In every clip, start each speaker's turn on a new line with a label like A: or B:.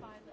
A: find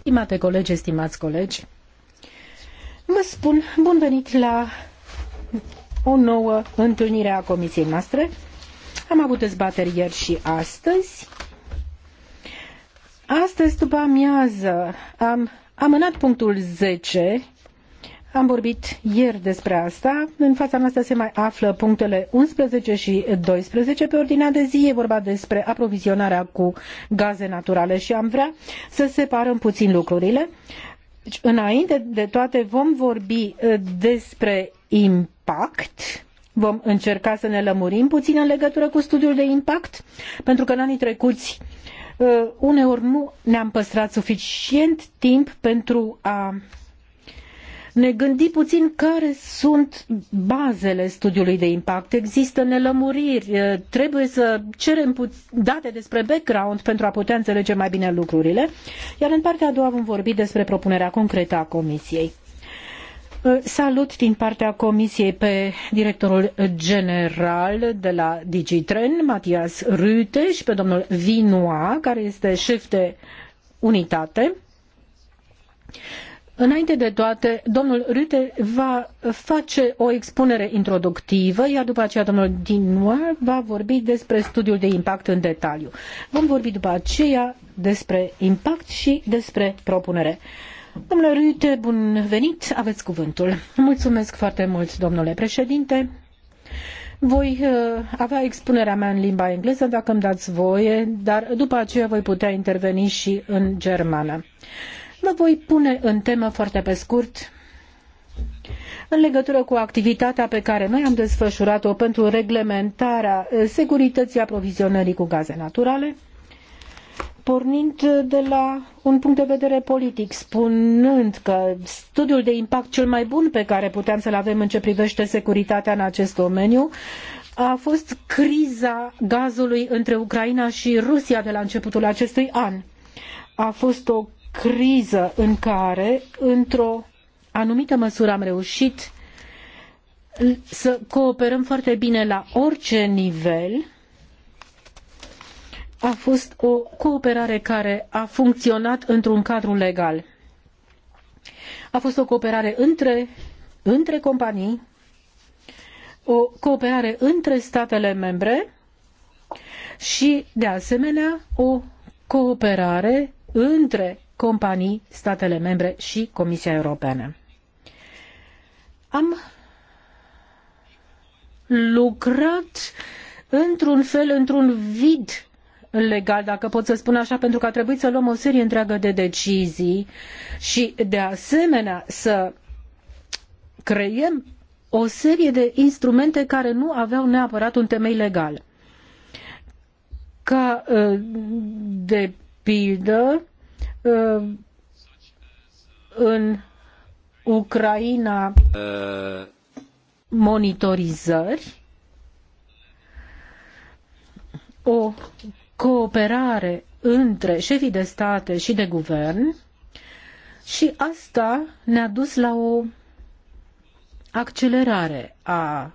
B: Stimate colegi, stimați colegi, vă spun bun venit la o nouă întâlnire a comisiei noastre. Am avut dezbateri ieri și astăzi. Astăzi, după amiază, am amânat punctul 10 am vorbit ieri despre asta. În fața noastră se mai află punctele 11 și 12 pe ordinea de zi. E vorba despre aprovizionarea cu gaze naturale și am vrea să separăm puțin lucrurile. Deci, înainte de toate vom vorbi eh, despre impact. Vom încerca să ne lămurim puțin în legătură cu studiul de impact, pentru că în anii trecuți eh, uneori nu ne-am păstrat suficient timp pentru a ne gândi puțin care sunt bazele studiului de impact. Există nelămuriri, trebuie să cerem date despre background pentru a putea înțelege mai bine lucrurile, iar în partea a doua vom vorbi despre propunerea concretă a Comisiei. Salut din partea Comisiei pe directorul general de la Digitren, Matias Rüte, și pe domnul Vinoa, care este șef de unitate. Înainte de toate, domnul Rüte va face o expunere introductivă, iar după aceea domnul Dinoir va vorbi despre studiul de impact în detaliu. Vom vorbi după aceea despre impact și despre propunere. Domnule Rüte, bun venit, aveți cuvântul. Mulțumesc foarte mult, domnule președinte. Voi uh, avea expunerea mea în limba engleză, dacă îmi dați voie, dar după aceea voi putea interveni și în germană. Mă voi pune în temă foarte pe scurt în legătură cu activitatea pe care noi am desfășurat-o pentru reglementarea eh, securității aprovizionării cu gaze naturale, pornind de la un punct de vedere politic, spunând că studiul de impact cel mai bun pe care puteam să-l avem în ce privește securitatea în acest domeniu a fost criza gazului între Ucraina și Rusia de la începutul acestui an. A fost o criză în care, într-o anumită măsură, am reușit să cooperăm foarte bine la orice nivel, a fost o cooperare care a funcționat într-un cadru legal. A fost o cooperare între, între companii, o cooperare între statele membre și, de asemenea, o cooperare între companii, statele membre și Comisia Europeană. Am lucrat într-un fel, într-un vid legal, dacă pot să spun așa, pentru că a trebuit să luăm o serie întreagă de decizii și, de asemenea, să creiem o serie de instrumente care nu aveau neapărat un temei legal. Ca, uh, de pildă, Uh, în Ucraina monitorizări, o cooperare între șefii de state și de guvern și asta ne-a dus la o accelerare a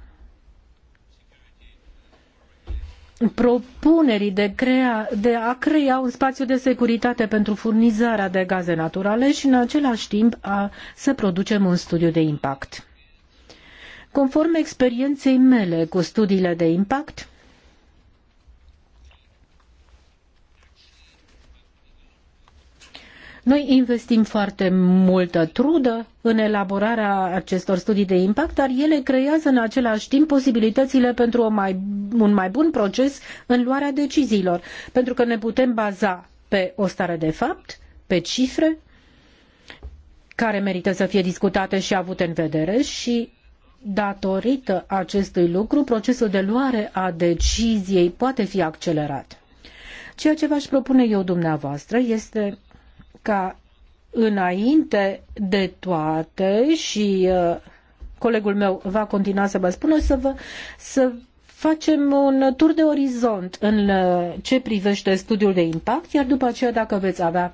B: propunerii de, crea, de a crea un spațiu de securitate pentru furnizarea de gaze naturale și în același timp a, să producem un studiu de impact. Conform experienței mele cu studiile de impact, Noi investim foarte multă trudă în elaborarea acestor studii de impact, dar ele creează în același timp posibilitățile pentru o mai, un mai bun proces în luarea deciziilor, pentru că ne putem baza pe o stare de fapt, pe cifre care merită să fie discutate și avute în vedere și datorită acestui lucru, procesul de luare a deciziei poate fi accelerat. Ceea ce v-aș propune eu dumneavoastră este ca înainte de toate și uh, colegul meu va continua să vă spună să vă să facem un tur de orizont în uh, ce privește studiul de impact, iar după aceea dacă veți avea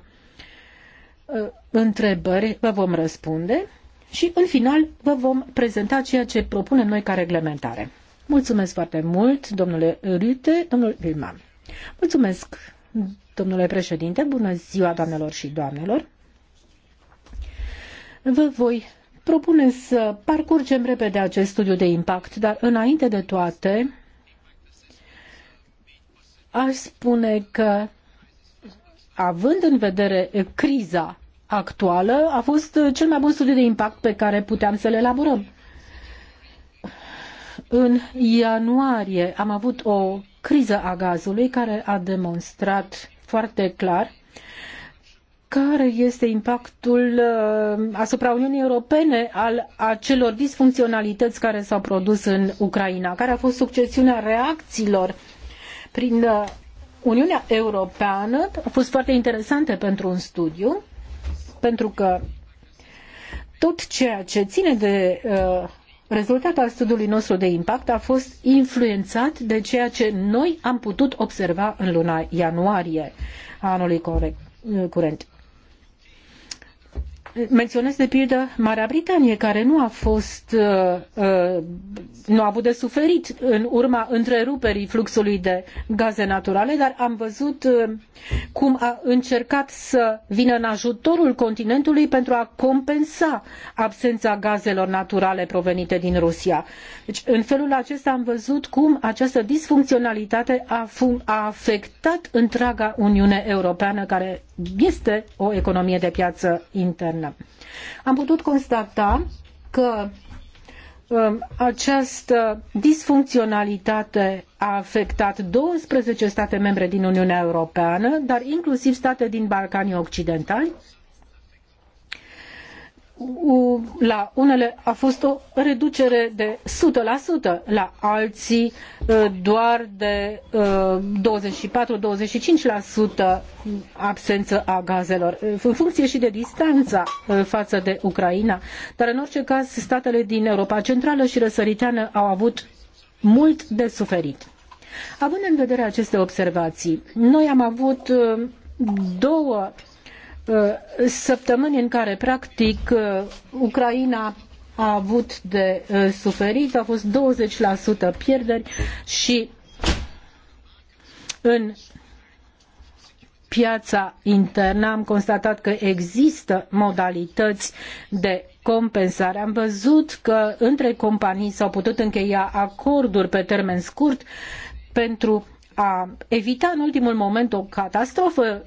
B: uh, întrebări, vă vom răspunde și în final vă vom prezenta ceea ce propunem noi ca reglementare. Mulțumesc foarte mult, domnule Rute, domnul Rilman. Mulțumesc, Domnule președinte, bună ziua, doamnelor și doamnelor. Vă voi propune să parcurgem repede acest studiu de impact, dar înainte de toate, aș spune că, având în vedere criza actuală, a fost cel mai bun studiu de impact pe care puteam să-l elaborăm. În ianuarie am avut o criză a gazului care a demonstrat foarte clar care este impactul uh, asupra Uniunii Europene al acelor disfuncționalități care s-au produs în Ucraina, care a fost succesiunea reacțiilor prin uh, Uniunea Europeană. A fost foarte interesante pentru un studiu, pentru că tot ceea ce ține de uh, rezultatul al studiului nostru de impact a fost influențat de ceea ce noi am putut observa în luna ianuarie a anului curent menționez de pildă Marea Britanie, care nu a fost, uh, uh, nu a avut de suferit în urma întreruperii fluxului de gaze naturale, dar am văzut uh, cum a încercat să vină în ajutorul continentului pentru a compensa absența gazelor naturale provenite din Rusia. Deci, în felul acesta am văzut cum această disfuncționalitate a, a afectat întreaga Uniune Europeană, care este o economie de piață internă internă. Am putut constata că um, această disfuncționalitate a afectat 12 state membre din Uniunea Europeană, dar inclusiv state din Balcanii Occidentali, la unele a fost o reducere de 100%, la alții uh, doar de 24-25% uh, absență a gazelor, în funcție și de distanța uh, față de Ucraina. Dar în orice caz, statele din Europa Centrală și Răsăriteană au avut mult de suferit. Având în vedere aceste observații, noi am avut două Uh, săptămâni în care, practic, uh, Ucraina a avut de uh, suferit, au fost 20% pierderi și în piața internă am constatat că există modalități de compensare. Am văzut că între companii s-au putut încheia acorduri pe termen scurt pentru a evita în ultimul moment o catastrofă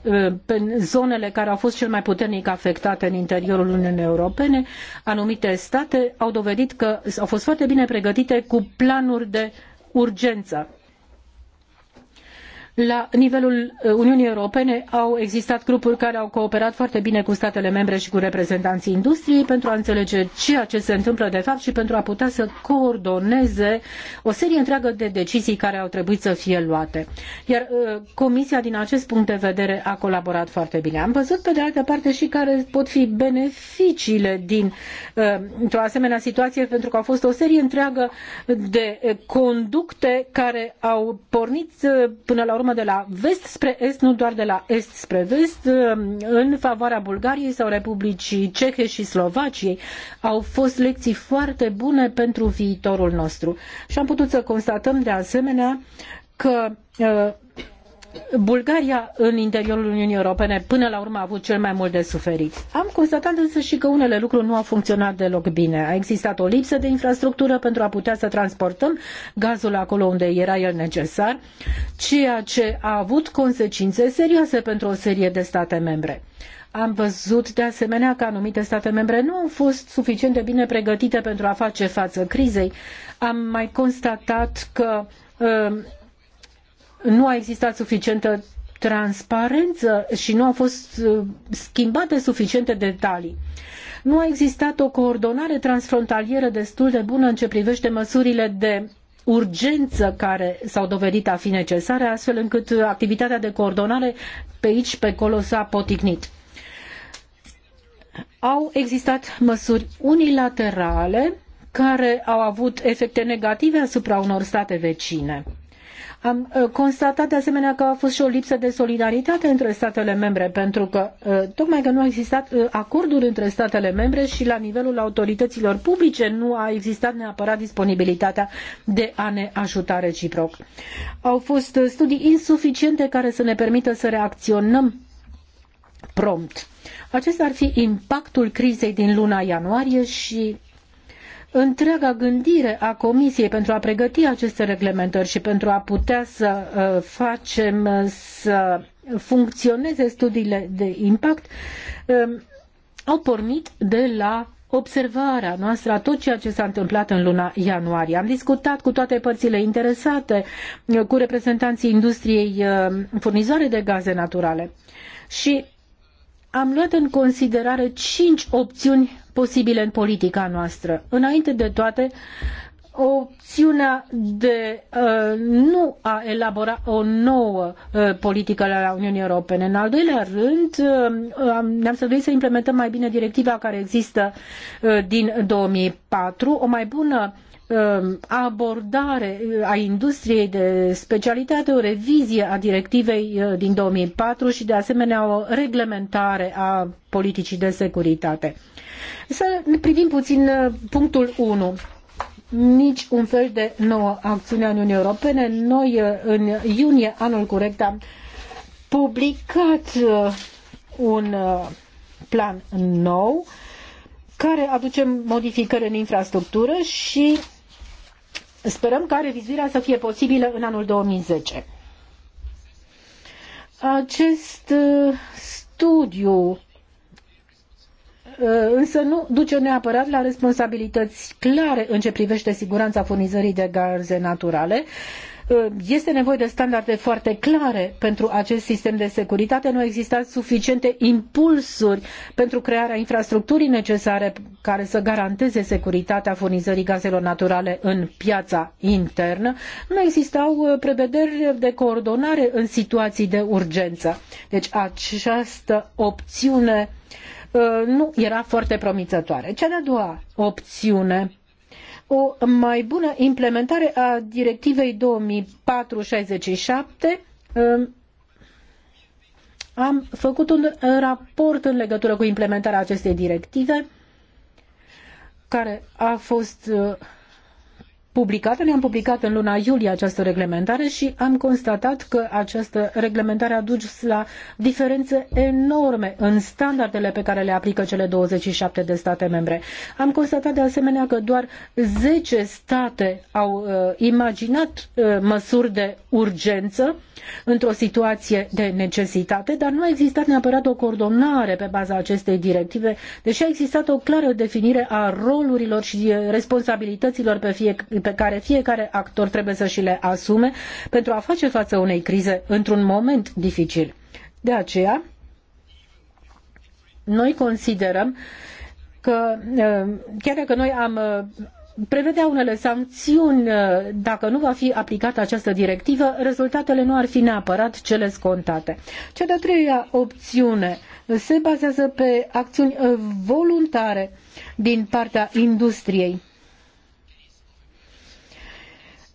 B: în uh, zonele care au fost cel mai puternic afectate în interiorul Uniunii Europene, anumite state au dovedit că au fost foarte bine pregătite cu planuri de urgență. La nivelul uh, Uniunii Europene au existat grupuri care au cooperat foarte bine cu statele membre și cu reprezentanții industriei pentru a înțelege ceea ce se întâmplă de fapt și pentru a putea să coordoneze o serie întreagă de decizii care au trebuit să fie luate. Iar uh, Comisia din acest punct de vedere a colaborat foarte bine. Am văzut pe de altă parte și care pot fi beneficiile din uh, într-o asemenea situație pentru că au fost o serie întreagă de conducte care au pornit până la urmă problemă de la vest spre est, nu doar de la est spre vest, în favoarea Bulgariei sau Republicii Cehe și Slovaciei. Au fost lecții foarte bune pentru viitorul nostru. Și am putut să constatăm de asemenea că uh, Bulgaria în interiorul Uniunii Europene până la urmă a avut cel mai mult de suferit. Am constatat însă și că unele lucruri nu au funcționat deloc bine. A existat o lipsă de infrastructură pentru a putea să transportăm gazul acolo unde era el necesar, ceea ce a avut consecințe serioase pentru o serie de state membre. Am văzut de asemenea că anumite state membre nu au fost suficient de bine pregătite pentru a face față crizei. Am mai constatat că uh, nu a existat suficientă transparență și nu au fost uh, schimbate suficiente detalii. Nu a existat o coordonare transfrontalieră destul de bună în ce privește măsurile de urgență care s-au dovedit a fi necesare, astfel încât activitatea de coordonare pe aici, pe acolo s-a poticnit. Au existat măsuri unilaterale care au avut efecte negative asupra unor state vecine. Am uh, constatat de asemenea că a fost și o lipsă de solidaritate între statele membre, pentru că uh, tocmai că nu a existat uh, acorduri între statele membre și la nivelul autorităților publice nu a existat neapărat disponibilitatea de a ne ajuta reciproc. Au fost studii insuficiente care să ne permită să reacționăm prompt. Acesta ar fi impactul crizei din luna ianuarie și întreaga gândire a Comisiei pentru a pregăti aceste reglementări și pentru a putea să uh, facem uh, să funcționeze studiile de impact um, au pornit de la observarea noastră a tot ceea ce s-a întâmplat în luna ianuarie. Am discutat cu toate părțile interesate, uh, cu reprezentanții industriei furnizoare de gaze naturale și am luat în considerare cinci opțiuni posibile în politica noastră. Înainte de toate, opțiunea de uh, nu a elabora o nouă uh, politică la Uniunii Europene. În al doilea rând, uh, ne-am străduit să implementăm mai bine directiva care există uh, din 2004, o mai bună uh, abordare uh, a industriei de specialitate, o revizie a directivei uh, din 2004 și de asemenea o reglementare a politicii de securitate. Să privim puțin uh, punctul 1 nici un fel de nouă acțiune a Uniunii Europene. Noi, uh, în iunie anul curent, am publicat uh, un plan nou care aduce modificări în infrastructură și sperăm ca revizuirea să fie posibilă în anul 2010. Acest studiu Eh, însă nu duce neapărat la responsabilități clare în ce privește siguranța furnizării de gaze naturale. Eh, este nevoie de standarde foarte clare pentru acest sistem de securitate. Nu există suficiente impulsuri pentru crearea infrastructurii necesare care să garanteze securitatea furnizării gazelor naturale în piața internă. Nu existau eh, prevederi de coordonare în situații de urgență. Deci această opțiune uh, Uh, nu era foarte promițătoare. Cea de-a doua opțiune o mai bună implementare a directivei 2467 um, am făcut un raport în legătură cu implementarea acestei directive care a fost uh, publicată, ne am publicat în luna iulie această reglementare și am constatat că această reglementare a dus la diferențe enorme în standardele pe care le aplică cele 27 de state membre. Am constatat de asemenea că doar 10 state au uh, imaginat uh, măsuri de urgență într-o situație de necesitate, dar nu a existat neapărat o coordonare pe baza acestei directive, deși a existat o clară definire a rolurilor și uh, responsabilităților pe fiecare pe care fiecare actor trebuie să și le asume pentru a face față unei crize într-un moment dificil. De aceea, noi considerăm că, chiar dacă noi am prevedea unele sancțiuni dacă nu va fi aplicată această directivă, rezultatele nu ar fi neapărat cele scontate. Cea de-a treia opțiune se bazează pe acțiuni voluntare din partea industriei.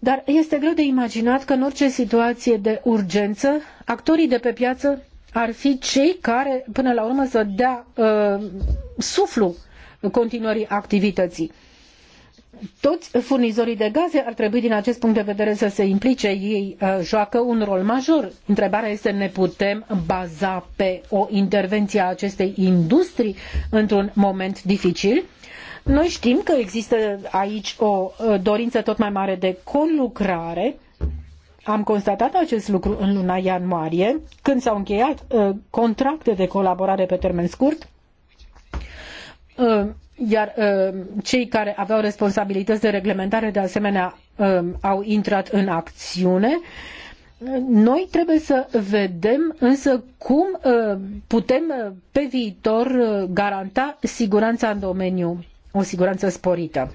B: Dar este greu de imaginat că în orice situație de urgență, actorii de pe piață ar fi cei care, până la urmă, să dea uh, suflu continuării activității. Toți furnizorii de gaze ar trebui, din acest punct de vedere, să se implice. Ei uh, joacă un rol major. Întrebarea este, ne putem baza pe o intervenție a acestei industrii într-un moment dificil? Noi știm că există aici o dorință tot mai mare de conlucrare. Am constatat acest lucru în luna ianuarie, când s-au încheiat uh, contracte de colaborare pe termen scurt uh, iar uh, cei care aveau responsabilități de reglementare de asemenea au intrat în acțiune. Noi trebuie să vedem însă cum putem pe viitor garanta siguranța în domeniu o siguranță sporită.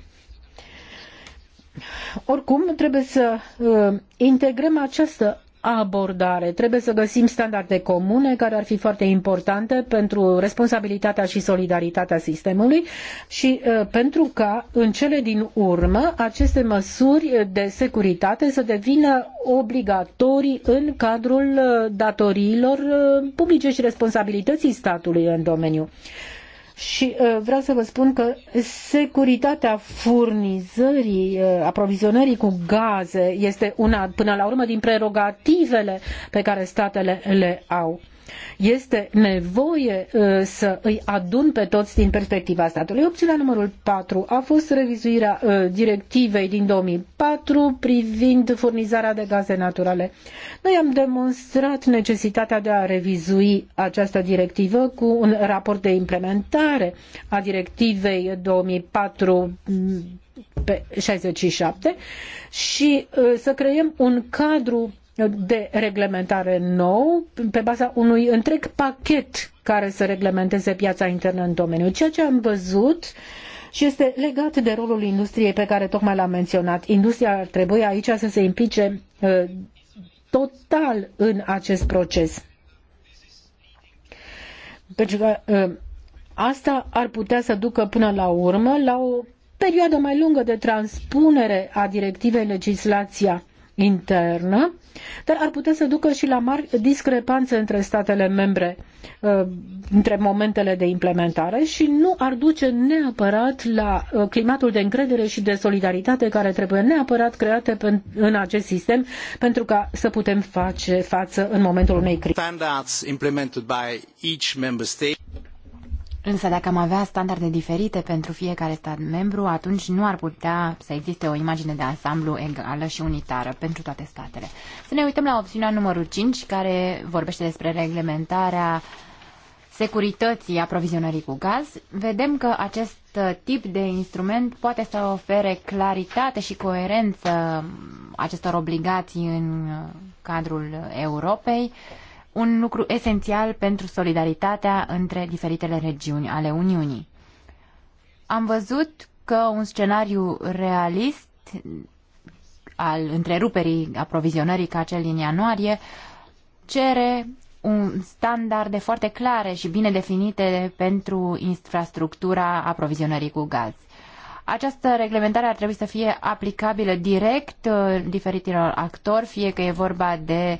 B: Oricum, trebuie să uh, integrăm această abordare. Trebuie să găsim standarde comune care ar fi foarte importante pentru responsabilitatea și solidaritatea sistemului și uh, pentru ca în cele din urmă aceste măsuri de securitate să devină obligatorii în cadrul uh, datoriilor publice și responsabilității statului în domeniu. Și uh, vreau să vă spun că securitatea furnizării, uh, aprovizionării cu gaze este una, până la urmă, din prerogativele pe care statele le au. Este nevoie uh, să îi adun pe toți din perspectiva statului. Opțiunea numărul 4 a fost revizuirea uh, directivei din 2004 privind furnizarea de gaze naturale. Noi am demonstrat necesitatea de a revizui această directivă cu un raport de implementare a directivei 2004 mm, pe 67 și uh, să creăm un cadru de reglementare nou pe baza unui întreg pachet care să reglementeze piața internă în domeniu. Ceea ce am văzut și este legat de rolul industriei pe care tocmai l-am menționat. Industria ar trebui aici să se implice uh, total în acest proces. Pentru că uh, asta ar putea să ducă până la urmă la o perioadă mai lungă de transpunere a directivei legislația internă dar ar putea să ducă și la mari discrepanțe între statele membre, uh, între momentele de implementare și nu ar duce neapărat la uh, climatul de încredere și de solidaritate care trebuie neapărat create în acest sistem pentru ca să putem face față în momentul unei crize.
C: Însă dacă am avea standarde diferite pentru fiecare stat membru, atunci nu ar putea să existe o imagine de ansamblu egală și unitară pentru toate statele. Să ne uităm la opțiunea numărul 5, care vorbește despre reglementarea securității aprovizionării cu gaz. Vedem că acest tip de instrument poate să ofere claritate și coerență acestor obligații în cadrul Europei un lucru esențial pentru solidaritatea între diferitele regiuni ale Uniunii. Am văzut că un scenariu realist al întreruperii aprovizionării ca cel din ianuarie cere un standarde foarte clare și bine definite pentru infrastructura aprovizionării cu gaz. Această reglementare ar trebui să fie aplicabilă direct uh, diferitilor actori, fie că e vorba de uh,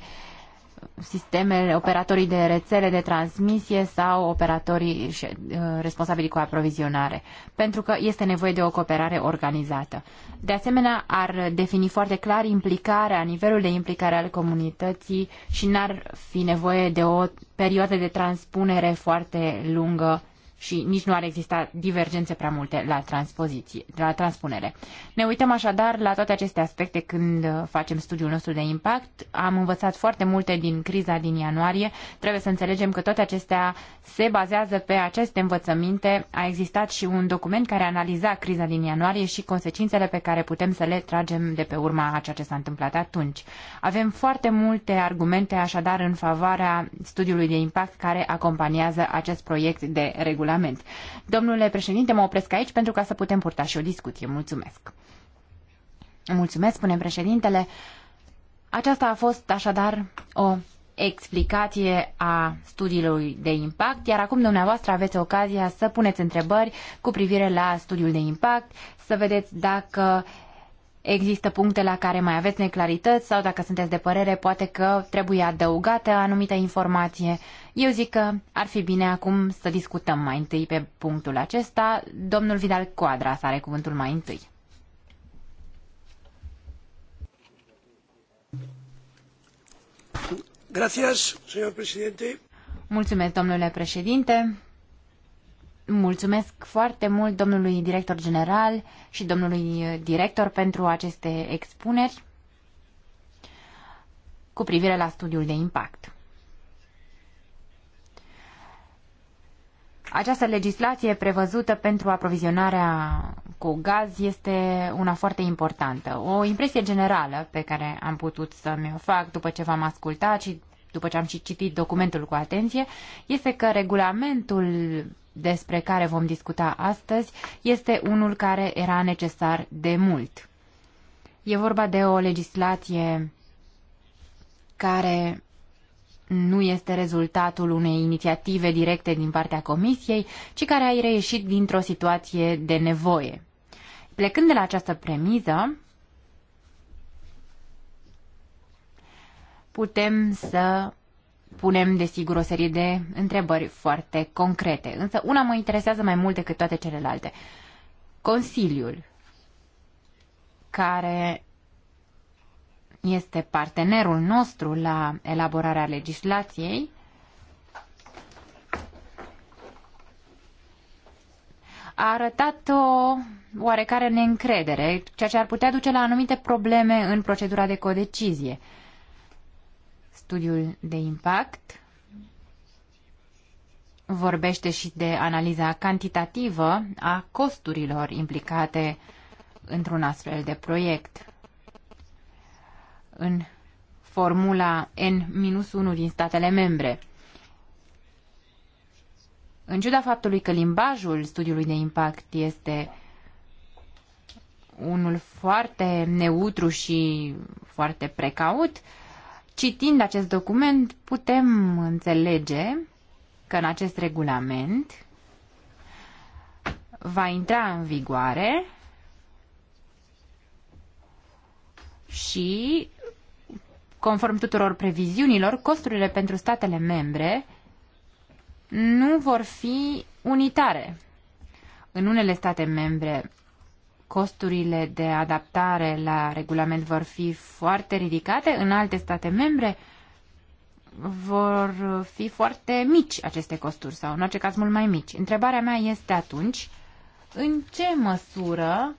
C: sistemele, operatorii de rețele de transmisie sau operatorii uh, responsabili cu aprovizionare, pentru că este nevoie de o cooperare organizată. De asemenea, ar defini foarte clar implicarea, nivelul de implicare al comunității și n-ar fi nevoie de o perioadă de transpunere foarte lungă și nici nu ar exista divergențe prea multe la, la transpunere. Ne uităm așadar la toate aceste aspecte când facem studiul nostru de impact. Am învățat foarte multe din criza din ianuarie. Trebuie să înțelegem că toate acestea se bazează pe aceste învățăminte. A existat și un document care analiza criza din ianuarie și consecințele pe care putem să le tragem de pe urma a ceea ce s-a întâmplat atunci. Avem foarte multe argumente așadar în favoarea studiului de impact care acompaniază acest proiect de regulare regulament. Domnule președinte, mă opresc aici pentru ca să putem purta și o discuție. Mulțumesc. Mulțumesc, spune președintele. Aceasta a fost așadar o explicație a studiului de impact, iar acum dumneavoastră aveți ocazia să puneți întrebări cu privire la studiul de impact, să vedeți dacă uh, există puncte la care mai aveți neclarități sau dacă sunteți de părere, poate că trebuie adăugată anumită informație. Eu zic că ar fi bine acum să discutăm mai întâi pe punctul acesta. Domnul Vidal Coadra are cuvântul mai întâi.
D: Gracias, señor presidente.
C: Mulțumesc, domnule președinte. Mulțumesc foarte mult domnului director general și domnului director pentru aceste expuneri cu privire la studiul de impact. Această legislație prevăzută pentru aprovizionarea cu gaz este una foarte importantă. O impresie generală pe care am putut să mi-o fac după ce v-am ascultat și după ce am și citit documentul cu atenție, este că regulamentul despre care vom discuta astăzi este unul care era necesar de mult. E vorba de o legislație care nu este rezultatul unei inițiative directe din partea Comisiei, ci care a reieșit dintr-o situație de nevoie. Plecând de la această premiză, putem să punem, desigur, o serie de întrebări foarte concrete. Însă una mă interesează mai mult decât toate celelalte. Consiliul, care este partenerul nostru la elaborarea legislației, a arătat o oarecare neîncredere, ceea ce ar putea duce la anumite probleme în procedura de codecizie studiul de impact vorbește și de analiza cantitativă a costurilor implicate într-un astfel de proiect. În formula N-1 din statele membre. În ciuda faptului că limbajul studiului de impact este unul foarte neutru și foarte precaut, uh, Citind acest document, putem înțelege că în acest regulament va intra în vigoare și, conform tuturor previziunilor, costurile pentru statele membre nu vor fi unitare. În unele state membre costurile de adaptare la regulament vor fi foarte ridicate în alte state membre, vor fi foarte mici aceste costuri sau în orice caz mult mai mici. Întrebarea mea este atunci în ce măsură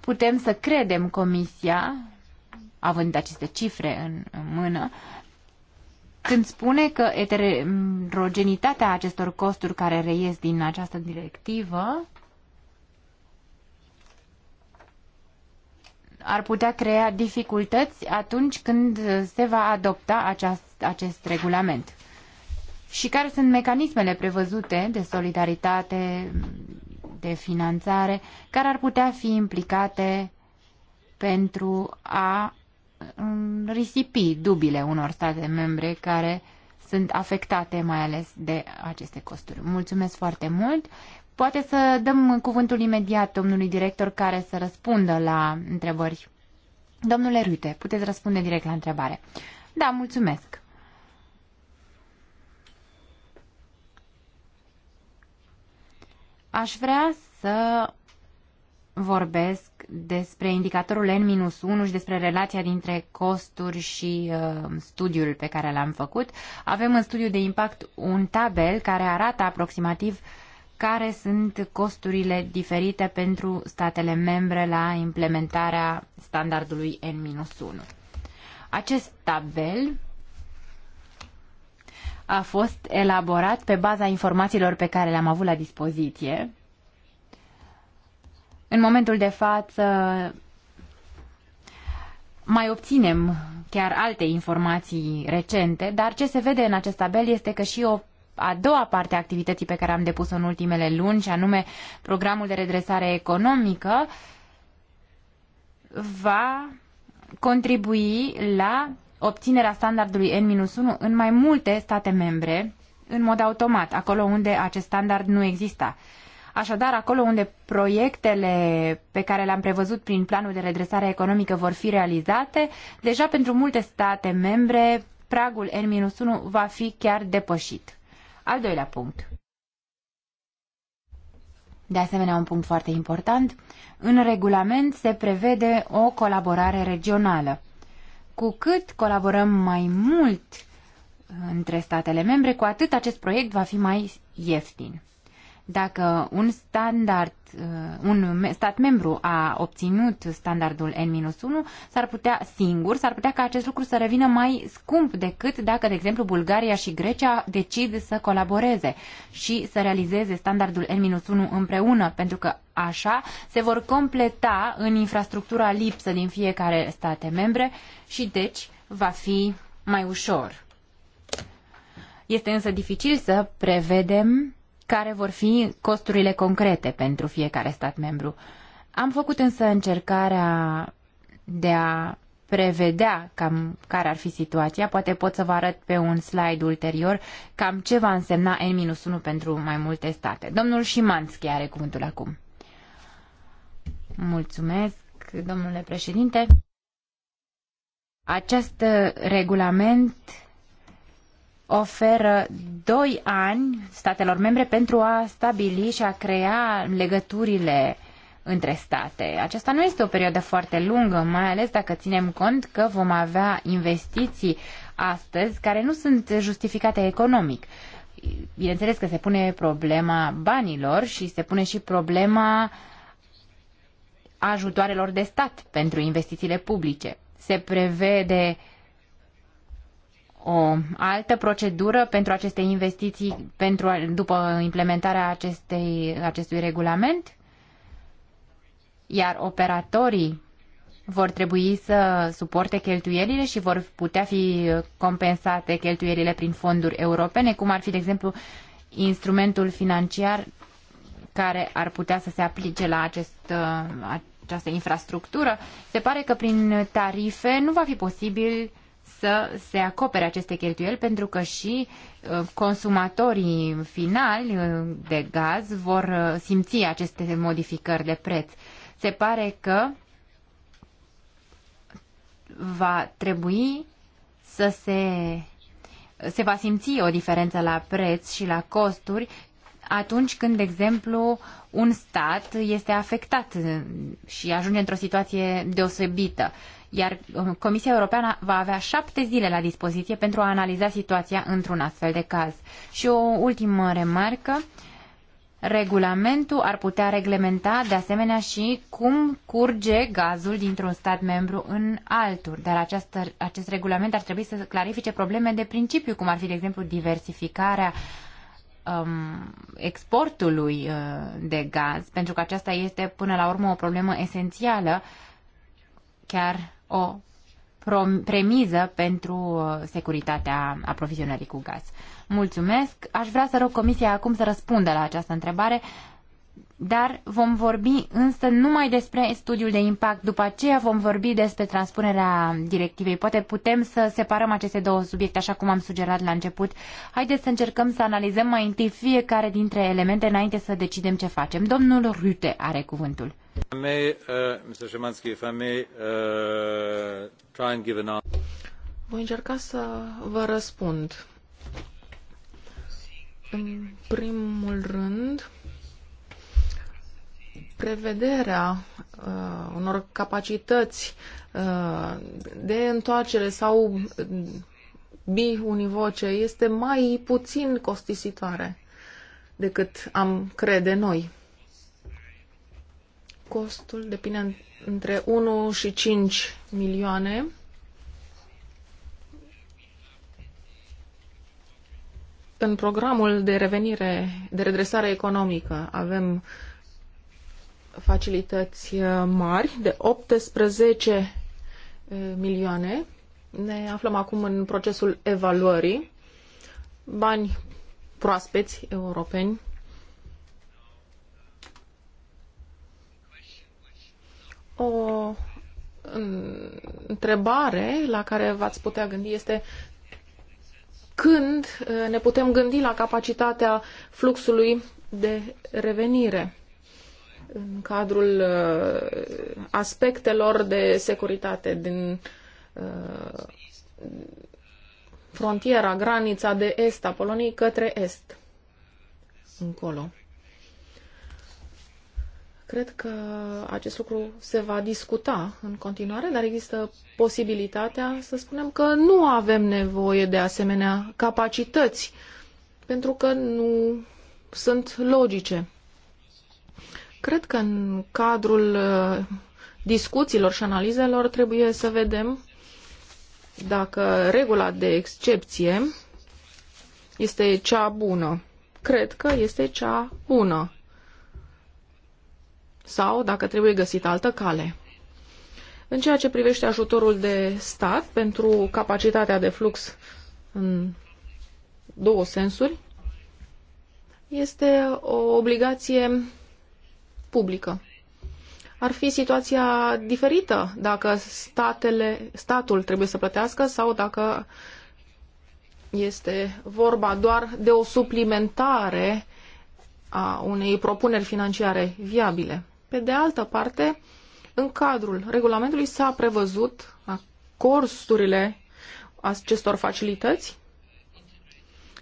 C: putem să credem Comisia, având aceste cifre în mână, când spune că eterogenitatea acestor costuri care reies din această directivă ar putea crea dificultăți atunci când se va adopta aceast, acest regulament. Și care sunt mecanismele prevăzute de solidaritate, de finanțare, care ar putea fi implicate pentru a um, risipi dubile unor state membre care sunt afectate mai ales de aceste costuri. Mulțumesc foarte mult! Poate să dăm cuvântul imediat domnului director care să răspundă la întrebări. Domnule Rute, puteți răspunde direct la întrebare. Da, mulțumesc. Aș vrea să vorbesc despre indicatorul N-1 și despre relația dintre costuri și uh, studiul pe care l-am făcut. Avem în studiu de impact un tabel care arată aproximativ uh, care sunt costurile diferite pentru statele membre la implementarea standardului N-1. Acest tabel a fost elaborat pe baza informațiilor pe care le-am avut la dispoziție. În momentul de față mai obținem chiar alte informații recente, dar ce se vede în acest tabel este că și o a doua parte a activității pe care am depus-o în ultimele luni, și anume programul de redresare economică, va contribui la obținerea standardului N-1 în mai multe state membre, în mod automat, acolo unde acest standard nu exista. Așadar, acolo unde proiectele pe care le-am prevăzut prin planul de redresare economică vor fi realizate, deja pentru multe state membre, pragul N-1 va fi chiar depășit. Al doilea punct. De asemenea, un punct foarte important, în regulament se prevede o colaborare regională. Cu cât colaborăm mai mult între statele membre, cu atât acest proiect va fi mai ieftin. Dacă un standard, uh, un stat membru a obținut standardul N-1, s-ar putea singur, s-ar putea ca acest lucru să revină mai scump decât dacă, de exemplu, Bulgaria și Grecia decid să colaboreze și să realizeze standardul N-1 împreună, pentru că așa se vor completa în infrastructura lipsă din fiecare state membre și deci va fi mai ușor. Este însă dificil să prevedem care vor fi costurile concrete pentru fiecare stat membru. Am făcut însă încercarea de a prevedea cam care ar fi situația. Poate pot să vă arăt pe un slide ulterior cam ce va însemna N-1 pentru mai multe state. Domnul Șimanski are cuvântul acum. Mulțumesc, domnule președinte. Acest regulament oferă doi ani statelor membre pentru a stabili și a crea legăturile între state. Aceasta nu este o perioadă foarte lungă, mai ales dacă ținem cont că vom avea investiții astăzi care nu sunt justificate economic. Bineînțeles că se pune problema banilor și se pune și problema ajutoarelor de stat pentru investițiile publice. Se prevede uh, o altă procedură pentru aceste investiții pentru, după implementarea acestei, acestui regulament? Iar operatorii vor trebui să suporte cheltuielile și vor putea fi compensate cheltuielile prin fonduri europene, cum ar fi, de exemplu, instrumentul financiar care ar putea să se aplice la acest, uh, această infrastructură. Se pare că prin tarife nu va fi posibil uh, să se acopere aceste cheltuieli pentru că și uh, consumatorii finali uh, de gaz vor uh, simți aceste modificări de preț. Se pare că va trebui să se se va simți o diferență la preț și la costuri atunci când, de exemplu, un stat este afectat și ajunge într-o situație deosebită iar uh, Comisia Europeană va avea șapte zile la dispoziție pentru a analiza situația într-un astfel de caz. Și o ultimă remarcă, regulamentul ar putea reglementa de asemenea și cum curge gazul dintr-un stat membru în altul, dar această, acest regulament ar trebui să clarifice probleme de principiu, cum ar fi, de exemplu, diversificarea um, exportului uh, de gaz, pentru că aceasta este până la urmă o problemă esențială chiar o premiză pentru uh, securitatea aprovizionării cu gaz. Mulțumesc. Aș vrea să rog Comisia acum să răspundă la această întrebare, dar vom vorbi însă numai despre studiul de impact. După aceea vom vorbi despre transpunerea directivei. Poate putem să separăm aceste două subiecte, așa cum am sugerat la început. Haideți să încercăm să analizăm mai întâi fiecare dintre elemente înainte să decidem ce facem. Domnul Rute are cuvântul.
E: Voi încerca să vă răspund. În primul rând, prevederea uh, unor capacități uh, de întoarcere sau uh, biunivoce este mai puțin costisitoare decât am crede noi. Costul depinde între 1 și 5 milioane. În programul de revenire, de redresare economică, avem facilități uh, mari de 18 uh, milioane. Ne aflăm acum în procesul evaluării. Bani proaspeți europeni O mm, întrebare la care v-ați putea gândi este când ne putem gândi la capacitatea fluxului de revenire în cadrul aspectelor de securitate din frontiera, granița de est a Poloniei către est încolo. Cred că acest lucru se va discuta în continuare, dar există posibilitatea să spunem că nu avem nevoie de asemenea capacități, pentru că nu sunt logice. Cred că în cadrul uh, discuțiilor și analizelor trebuie să vedem dacă regula de excepție este cea bună. Cred că este cea bună sau dacă trebuie găsită altă cale. În ceea ce privește ajutorul de stat pentru capacitatea de flux în două sensuri, este o obligație publică. Ar fi situația diferită dacă statele, statul trebuie să plătească sau dacă este vorba doar de o suplimentare a unei propuneri financiare viabile. Pe de altă parte, în cadrul regulamentului s-a prevăzut costurile acestor facilități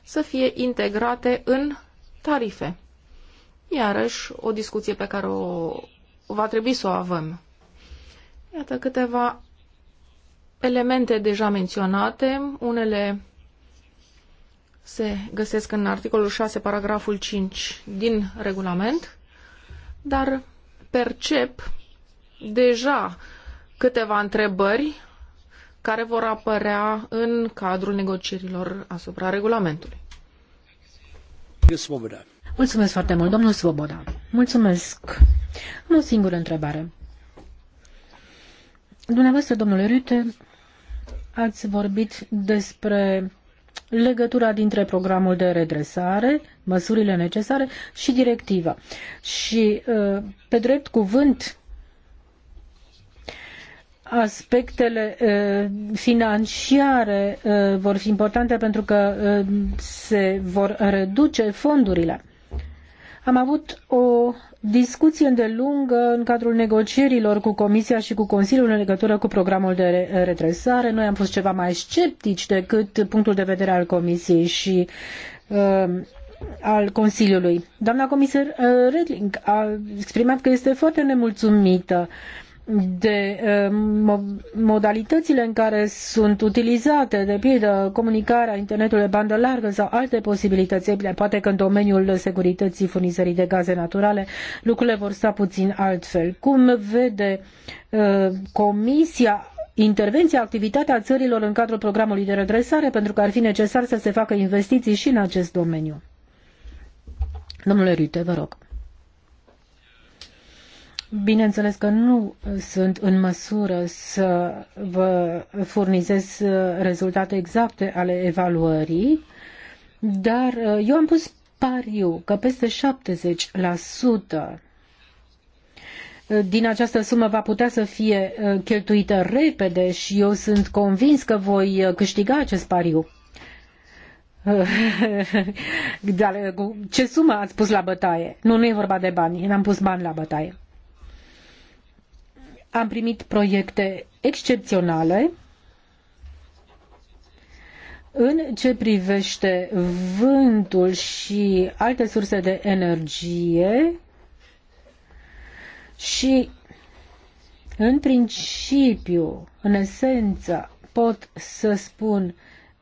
E: să fie integrate în tarife. Iarăși, o discuție pe care o va trebui să o avem. Iată câteva elemente deja menționate, unele se găsesc în articolul 6, paragraful 5 din regulament, dar percep deja câteva întrebări care vor apărea în cadrul negocierilor asupra regulamentului.
B: Mulțumesc foarte mult, domnul Svoboda. Mulțumesc. Am o singură întrebare. Dumneavoastră, domnule Rute, ați vorbit despre legătura dintre programul de redresare, măsurile necesare și directiva. Și uh, pe drept cuvânt, aspectele uh, financiare uh, vor fi importante pentru că se vor reduce fondurile. Am avut o Discuții îndelungă în cadrul negocierilor cu Comisia și cu Consiliul în legătură cu programul de redresare. Noi am fost ceva mai sceptici decât punctul de vedere al Comisiei și uh, al Consiliului. Doamna comisar uh, Redling a exprimat că este foarte nemulțumită uh, de uh, modalitățile în care sunt utilizate, de pildă comunicarea, internetul de bandă largă sau alte posibilități. Poate că în domeniul securității furnizării de gaze naturale lucrurile vor sta puțin altfel. Cum vede uh, Comisia intervenția, activitatea țărilor în cadrul programului de redresare, pentru că ar fi necesar să se facă investiții și în acest domeniu. Domnule Rute, vă rog. Bineînțeles că nu uh, sunt în măsură să vă furnizez uh, rezultate exacte ale evaluării, dar uh, eu am pus pariu că peste 70% din această sumă va putea să fie cheltuită repede și eu sunt convins că voi câștiga acest pariu. Dar ce sumă ați pus la bătaie? Nu, nu e vorba de bani, n-am pus bani la bătaie am primit proiecte excepționale în ce privește vântul și alte surse de energie și în principiu, în esență, pot să spun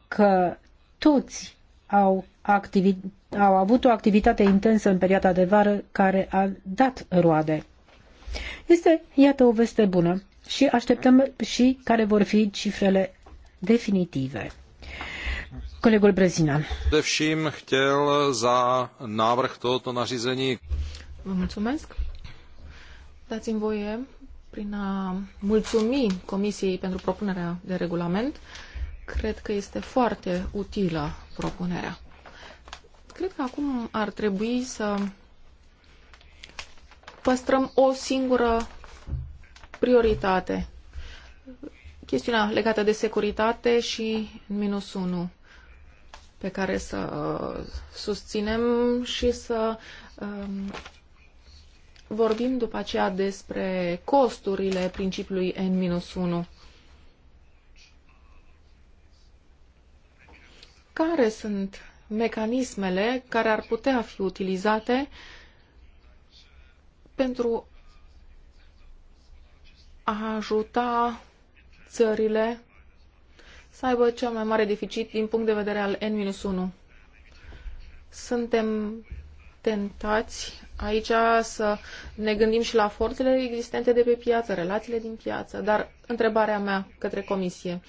B: că toți au, activi- au avut o activitate intensă în perioada de vară care a dat roade. Este, iată, o veste bună și așteptăm și care vor fi cifrele definitive. Colegul Brezina.
D: Především chtěl za návrh tohoto nařízení.
E: Vă mulțumesc. Dați-mi voie prin a mulțumi Comisiei pentru propunerea de regulament. Cred că este foarte utilă propunerea. Cred că acum ar trebui să păstrăm o singură prioritate. Chestiunea legată de securitate și minus 1 pe care să uh, susținem și să um, vorbim după aceea despre costurile principiului N-1. Care sunt mecanismele care ar putea fi utilizate uh, pentru a ajuta țările să aibă cel mai mare deficit din punct de vedere al N-1. Suntem tentați aici să ne gândim și la forțele existente de pe piață, relațiile din piață, dar întrebarea mea către Comisie,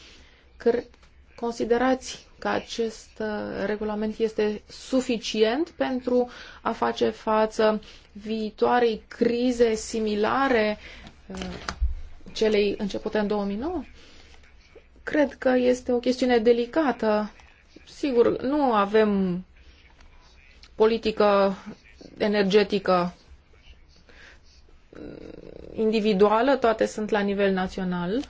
E: Considerați că acest uh, regulament este suficient pentru a face față viitoarei crize similare uh, celei începute în 2009? Cred că este o chestiune delicată. Sigur, nu avem politică energetică individuală, toate sunt la nivel național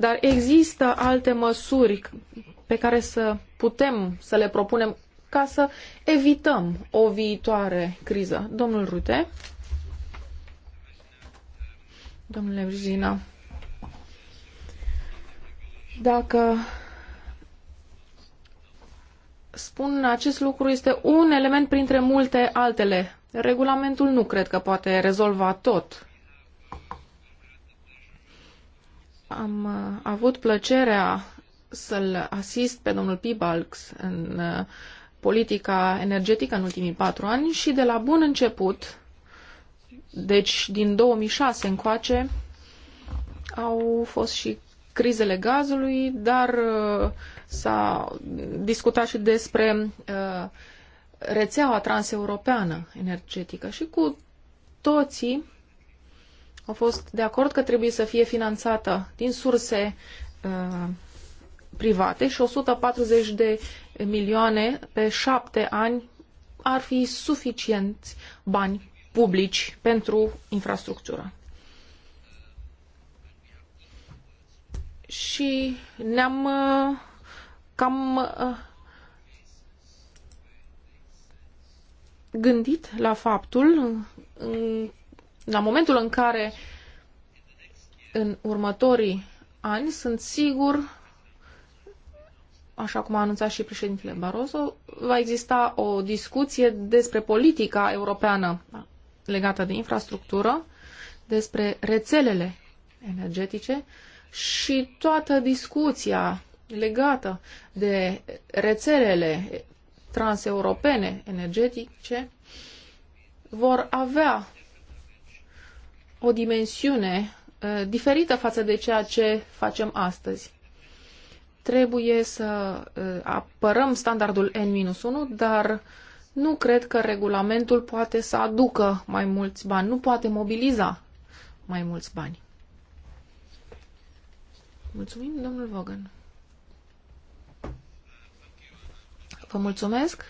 E: dar există alte măsuri pe care să putem să le propunem ca să evităm o viitoare criză. Domnul Rute. Domnule Virgina. Dacă spun acest lucru, este un element printre multe altele. Regulamentul nu cred că poate rezolva tot. Am uh, avut plăcerea să-l asist pe domnul Pibalks în uh, politica energetică în ultimii patru ani și de la bun început, deci din 2006 încoace, au fost și crizele gazului, dar uh, s-a discutat și despre rețeaua transeuropeană energetică și cu toții au fost de acord că trebuie să fie finanțată din surse uh, private și 140 de milioane pe șapte ani ar fi suficienți bani publici pentru infrastructură. Și ne-am uh, cam uh, gândit la faptul la momentul în care în următorii ani, sunt sigur, așa cum a anunțat și președintele Barroso, va exista o discuție despre politica europeană legată de infrastructură, despre rețelele energetice și toată discuția legată de rețelele transeuropene energetice vor avea o dimensiune uh, diferită față de ceea ce facem astăzi. Trebuie să uh, apărăm standardul N-1, dar nu cred că regulamentul poate să aducă mai mulți bani, nu poate mobiliza mai mulți bani. Mulțumim, domnul Vogan. Vă mulțumesc.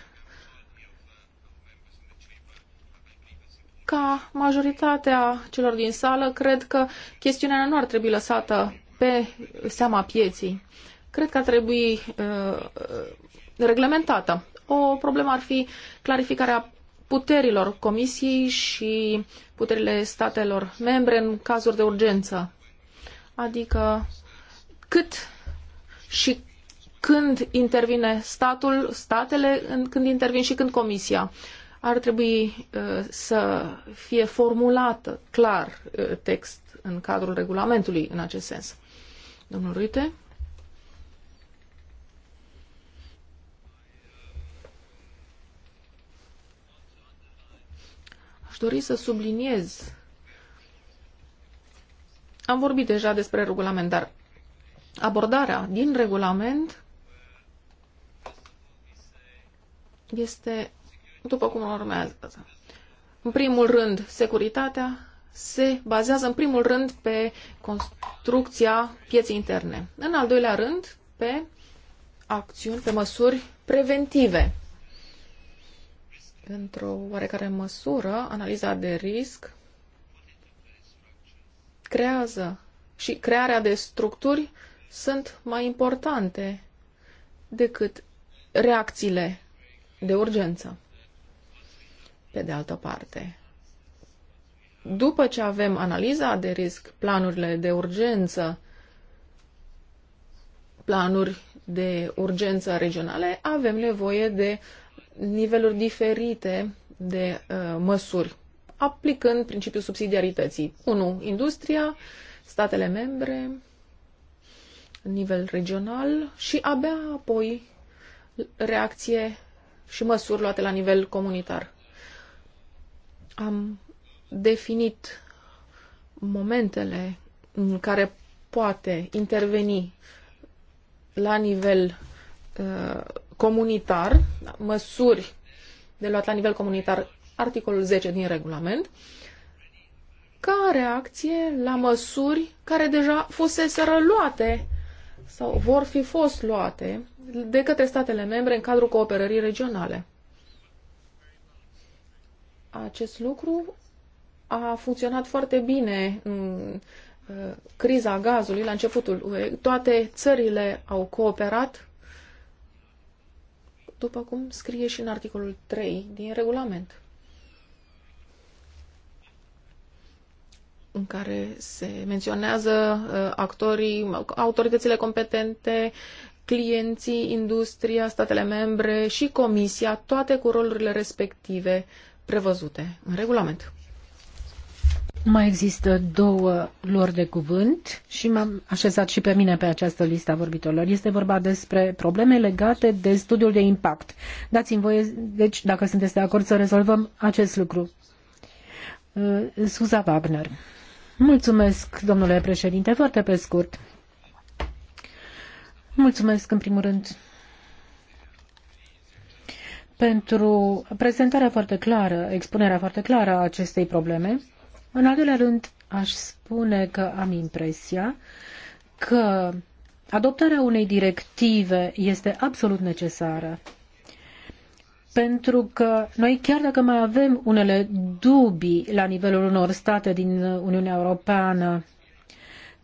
E: ca majoritatea celor din sală, cred că chestiunea nu ar trebui lăsată pe seama pieții. Cred că ar trebui uh, reglementată. O problemă ar fi clarificarea puterilor Comisiei și puterile statelor membre în cazuri de urgență. Adică cât și când intervine statul, statele, când intervin și când Comisia ar trebui uh, să fie formulată clar uh, text în cadrul regulamentului în acest sens. Domnul Ruite? Aș dori să subliniez. Am vorbit deja despre regulament, dar abordarea din regulament este după cum urmează. În primul rând, securitatea se bazează în primul rând pe construcția pieței interne. În al doilea rând, pe acțiuni, pe măsuri preventive. Într-o oarecare măsură, analiza de risc creează și crearea de structuri sunt mai importante decât reacțiile de urgență pe de altă parte. După ce avem analiza de risc, planurile de urgență, planuri de urgență regionale, avem nevoie de niveluri diferite de uh, măsuri, aplicând principiul subsidiarității. 1. Industria, statele membre, nivel regional și abia apoi reacție și măsuri luate la nivel comunitar. Am definit momentele în care poate interveni la nivel uh, comunitar, măsuri de luat la nivel comunitar, articolul 10 din regulament, ca reacție la măsuri care deja fuseseră luate sau vor fi fost luate de către statele membre în cadrul cooperării regionale. Acest lucru a funcționat foarte bine în uh, criza gazului la începutul Toate țările au cooperat, după cum scrie și în articolul 3 din regulament. în care se menționează uh, actorii, autoritățile competente, clienții, industria, statele membre și comisia, toate cu rolurile respective prevăzute în regulament.
B: Mai există două lor de cuvânt și m-am așezat și pe mine pe această listă a vorbitorilor. Este vorba despre probleme legate de studiul de impact. Dați-mi voie, deci, dacă sunteți de acord, să rezolvăm acest lucru. Uh, Suza Wagner. Mulțumesc, domnule președinte, foarte pe scurt. Mulțumesc, în primul rând, pentru prezentarea foarte clară, expunerea foarte clară a acestei probleme. În al doilea rând, aș spune că am impresia că adoptarea unei directive este absolut necesară. Pentru că noi, chiar dacă mai avem unele dubii la nivelul unor state din Uniunea Europeană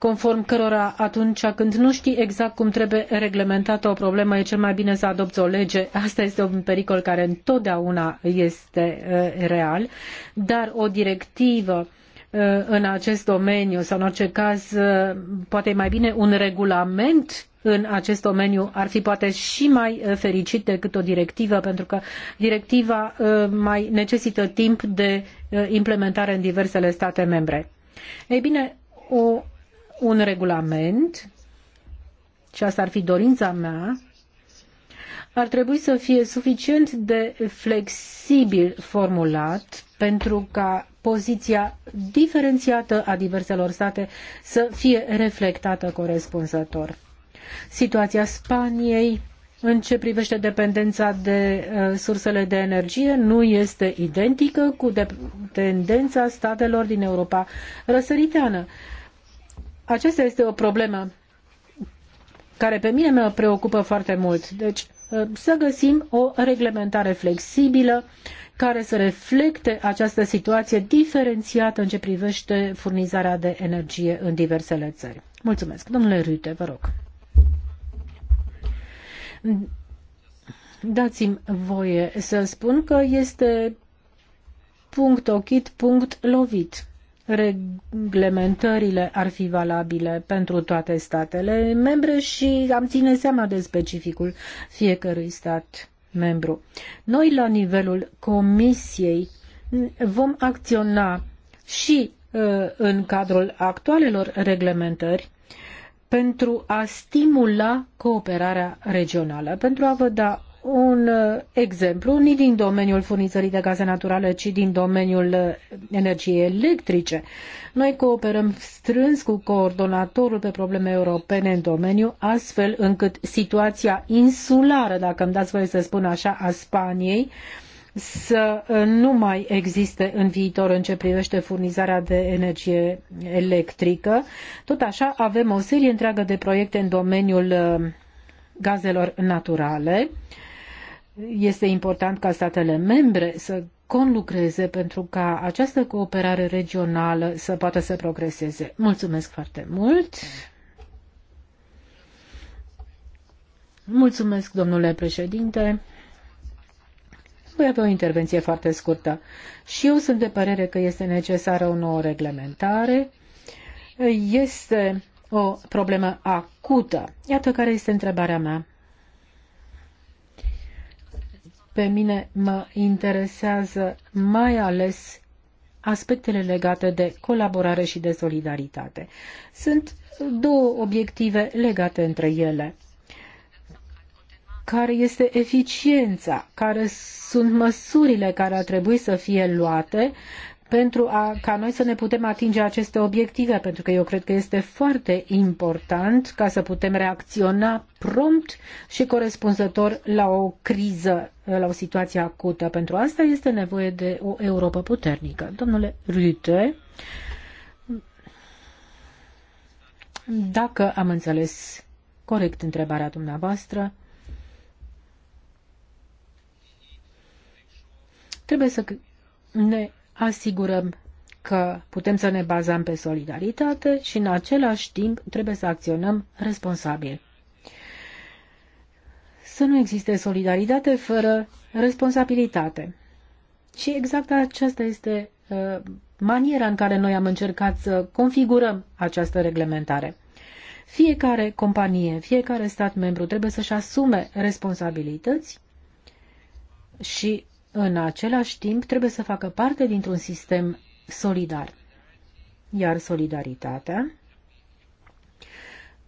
B: conform cărora atunci când nu știi exact cum trebuie reglementată o problemă, e cel mai bine să adopți o lege. Asta este un pericol care întotdeauna este uh, real, dar o directivă uh, în acest domeniu sau în orice caz uh, poate mai bine un regulament în acest domeniu ar fi poate și mai fericit decât o directivă, pentru că directiva mai necesită timp de implementare în diversele state membre. Ei bine, o un regulament, și asta ar fi dorința mea, ar trebui să fie suficient de flexibil formulat pentru ca poziția diferențiată a diverselor state să fie reflectată corespunzător. Situația Spaniei în ce privește dependența de uh, sursele de energie nu este identică cu de- tendența statelor din Europa răsăriteană. Uh, aceasta este o problemă care pe mine mă preocupă foarte mult. Deci ă, să găsim o reglementare flexibilă care să reflecte această situație diferențiată în ce privește furnizarea de energie în diversele țări. Mulțumesc. Domnule Rute, vă rog. Dați-mi voie să spun că este punct ochit, punct lovit reglementările ar fi valabile pentru toate statele membre și am ține seama de specificul fiecărui stat membru. Noi, la nivelul Comisiei, vom acționa și uh, în cadrul actualelor reglementări pentru a stimula cooperarea regională. Pentru a vă da un uh, exemplu, nici din domeniul furnizării de gaze naturale, ci din domeniul uh, energiei electrice. Noi cooperăm strâns cu coordonatorul pe probleme europene în domeniu, astfel încât situația insulară, dacă îmi dați voie să spun așa, a Spaniei, să uh, nu mai existe în viitor în ce privește furnizarea de energie electrică. Tot așa avem o serie întreagă de proiecte în domeniul gazelor naturale. Uh, este important ca statele membre să conlucreze pentru ca această cooperare regională să poată să progreseze. Mulțumesc foarte mult! Mulțumesc, domnule președinte! Voi avea o intervenție foarte scurtă. Și eu sunt de părere că este necesară o nouă reglementare. Este o problemă acută. Iată care este întrebarea mea. Pe mine mă interesează mai ales aspectele legate de colaborare și de solidaritate. Sunt două obiective legate între ele. Care este eficiența? Care sunt măsurile care ar trebui să fie luate pentru a, ca noi să ne putem atinge aceste obiective, pentru că eu cred că este foarte important ca să putem reacționa prompt și corespunzător la o criză, la o situație acută. Pentru asta este nevoie de o Europa puternică. Domnule Rute, dacă am înțeles corect întrebarea dumneavoastră, trebuie să ne asigurăm că putem să ne bazăm pe solidaritate și în același timp trebuie să acționăm responsabil. Să nu existe solidaritate fără responsabilitate. Și exact aceasta este uh, maniera în care noi am încercat să configurăm această reglementare. Fiecare companie, fiecare stat membru trebuie să-și asume responsabilități și în același timp trebuie să facă parte dintr-un sistem solidar. Iar solidaritatea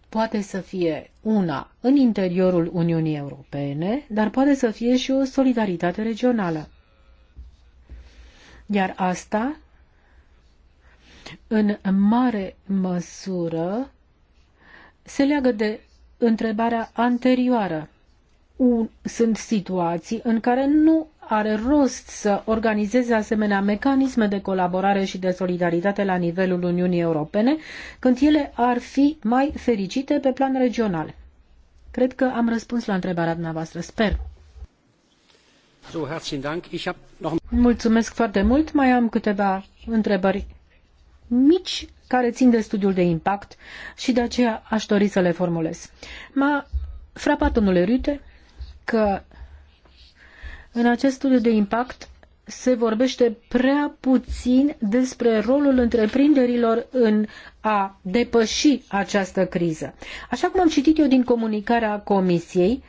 B: poate să fie una în interiorul Uniunii Europene, dar poate să fie și o solidaritate regională. Iar asta, în mare măsură, se leagă de întrebarea anterioară. Un, sunt situații în care nu are rost să organizeze asemenea mecanisme de colaborare și de solidaritate la nivelul Uniunii Europene, când ele ar fi mai fericite pe plan regional? Cred că am răspuns la întrebarea dumneavoastră, sper. Mulțumesc foarte mult. Mai am câteva întrebări mici care țin de studiul de impact și de aceea aș dori să le formulez. M-a frapat, domnule Rute, că în acest studiu de impact se vorbește prea puțin despre rolul întreprinderilor în a depăși această criză. Așa cum am citit eu din comunicarea Comisiei,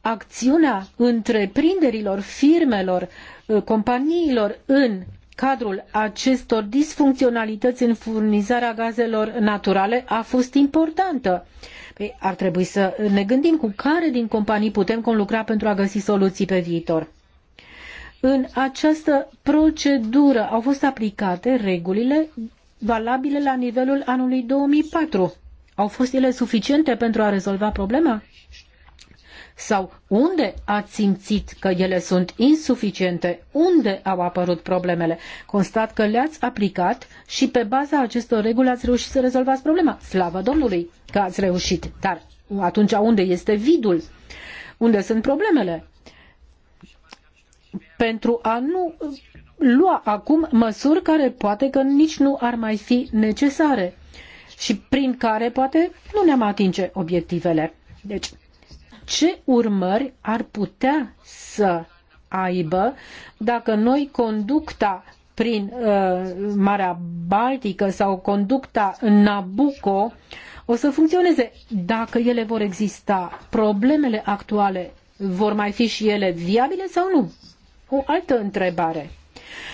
B: acțiunea întreprinderilor, firmelor, uh, companiilor în cadrul acestor disfuncționalități în furnizarea gazelor naturale a fost importantă. Păi, ar trebui să ne gândim cu care din companii putem conlucra pentru a găsi soluții pe viitor în această procedură au fost aplicate regulile valabile la nivelul anului 2004. Au fost ele suficiente pentru a rezolva problema? Sau unde ați simțit că ele sunt insuficiente? Unde au apărut problemele? Constat că le-ați aplicat și pe baza acestor reguli ați reușit să rezolvați problema. Slavă Domnului că ați reușit! Dar atunci unde este vidul? Unde sunt problemele? pentru a nu lua acum măsuri care poate că nici nu ar mai fi necesare și prin care poate nu ne-am atinge obiectivele. Deci, ce urmări ar putea să aibă dacă noi conducta prin uh, Marea Baltică sau conducta Nabucco o să funcționeze. Dacă ele vor exista, problemele actuale vor mai fi și ele viabile sau nu? O altă întrebare.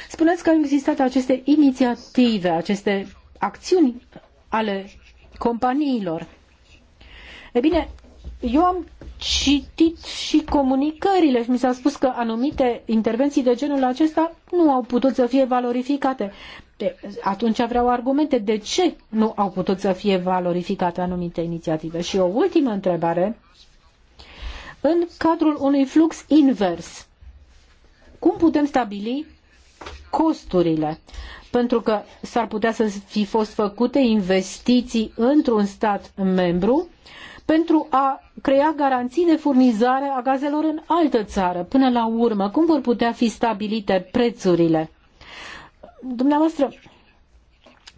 B: Spuneți că au existat aceste inițiative, aceste acțiuni ale companiilor. E bine, eu am citit și comunicările și mi s-a spus că anumite intervenții de genul acesta nu au putut să fie valorificate. De, atunci vreau argumente de ce nu au putut să fie valorificate anumite inițiative. Și o ultimă întrebare. În cadrul unui flux invers, cum putem stabili costurile? Pentru că s-ar putea să fi fost făcute investiții într-un stat membru pentru a crea garanții de furnizare a gazelor în altă țară. Până la urmă, cum vor putea fi stabilite prețurile? Dumneavoastră,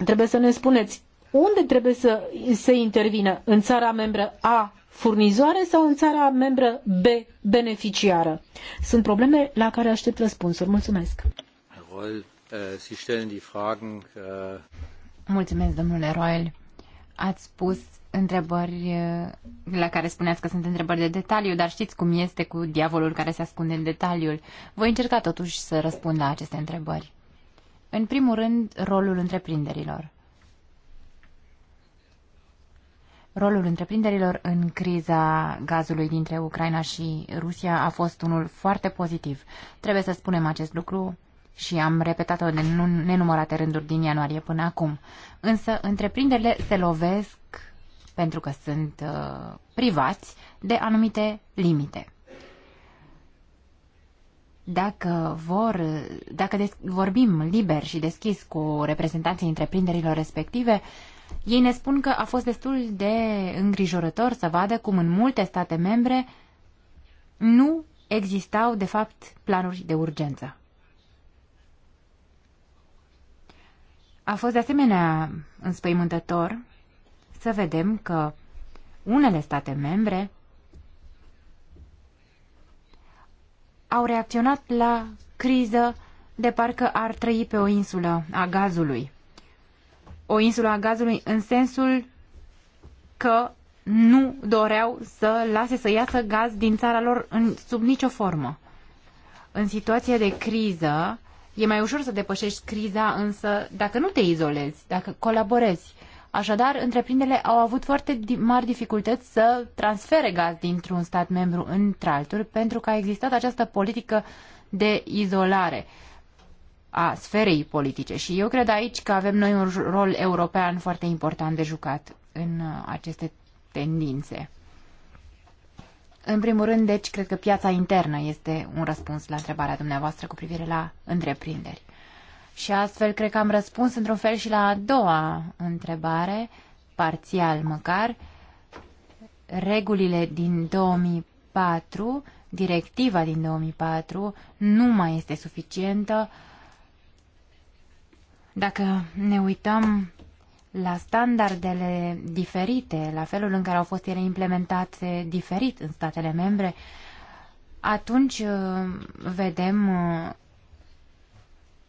B: trebuie să ne spuneți unde trebuie să se intervină în țara membră A furnizoare sau în țara membră B beneficiară? Sunt probleme la care
C: aștept răspunsuri. Mulțumesc.
D: Eh, eh.
C: Mulțumesc, domnule Roel. Ați spus întrebări eh, la care spuneați că sunt întrebări de detaliu, dar știți cum este cu diavolul care se ascunde în detaliul. Voi încerca totuși să răspund la aceste întrebări. În primul rând, rolul întreprinderilor. Rolul întreprinderilor în criza gazului dintre Ucraina și Rusia a fost unul foarte pozitiv. Trebuie să spunem acest lucru și am repetat-o de nenumărate rânduri din ianuarie până acum. Însă, întreprinderile se lovesc, pentru că sunt uh, privați, de anumite limite dacă vor, dacă des, vorbim liber și deschis cu reprezentanții întreprinderilor respective, ei ne spun că a fost destul de îngrijorător să vadă cum în multe state membre nu existau, de fapt, planuri de urgență. A fost de asemenea înspăimântător să vedem că unele state membre au reacționat la criză de parcă ar trăi pe o insulă a gazului o insulă a gazului în sensul că nu doreau să lase să iasă gaz din țara lor în, sub nicio formă. În situația de criză, e mai ușor să depășești criza, însă dacă nu te izolezi, dacă colaborezi. Așadar, întreprinderile au avut foarte mari dificultăți să transfere gaz dintr-un stat membru într-altul pentru că a existat această politică de izolare a sferei politice. Și eu cred aici că avem noi un rol european foarte important de jucat în uh, aceste tendințe. În primul rând, deci, cred că piața internă este un răspuns la întrebarea dumneavoastră cu privire la întreprinderi. Și astfel, cred că am răspuns într-un fel și la a doua întrebare, parțial măcar. Regulile din 2004, directiva din 2004, nu mai este suficientă uh, dacă ne uităm la standardele diferite, la felul în care au fost ele implementate diferit în statele membre, atunci uh, vedem uh,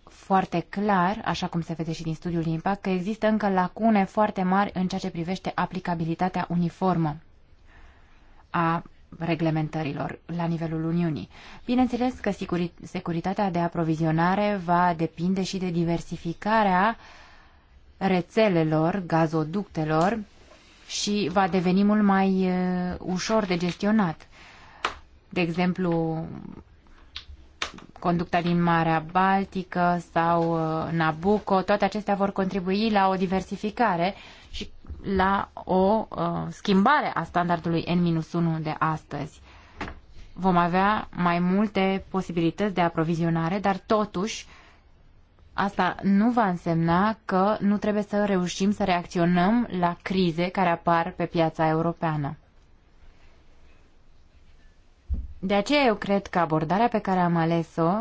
C: foarte clar, așa cum se vede și din studiul de impact, că există încă lacune foarte mari în ceea ce privește aplicabilitatea uniformă a reglementărilor la nivelul Uniunii. Bineînțeles că securitatea de aprovizionare va depinde și de diversificarea rețelelor, gazoductelor și va deveni mult mai uh, ușor de gestionat. De exemplu, conducta din Marea Baltică sau uh, Nabucco, toate acestea vor contribui la o diversificare la o uh, schimbare a standardului N-1 de astăzi. Vom avea mai multe posibilități de aprovizionare, dar totuși asta nu va însemna că nu trebuie să reușim să reacționăm la crize care apar pe piața europeană. De aceea eu cred că abordarea pe care am ales-o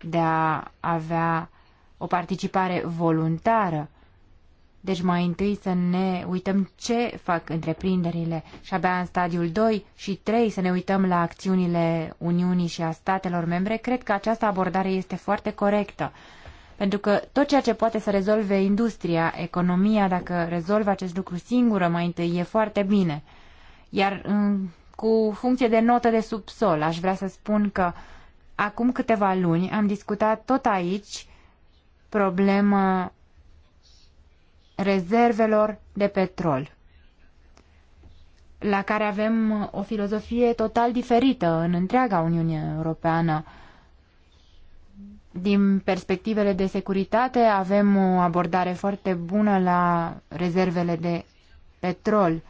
C: de a avea o participare voluntară deci mai întâi să ne uităm ce fac întreprinderile și abia în stadiul 2 și 3 să ne uităm la acțiunile Uniunii și a statelor membre, cred că această abordare este foarte corectă. Pentru că tot ceea ce poate să rezolve industria, economia, dacă rezolvă acest lucru singură mai întâi, e foarte bine. Iar cu funcție de notă de subsol, aș vrea să spun că acum câteva luni am discutat tot aici problema rezervelor de petrol, la care avem o filozofie total diferită în întreaga Uniune Europeană. Din perspectivele de securitate avem o abordare foarte bună la rezervele de petrol.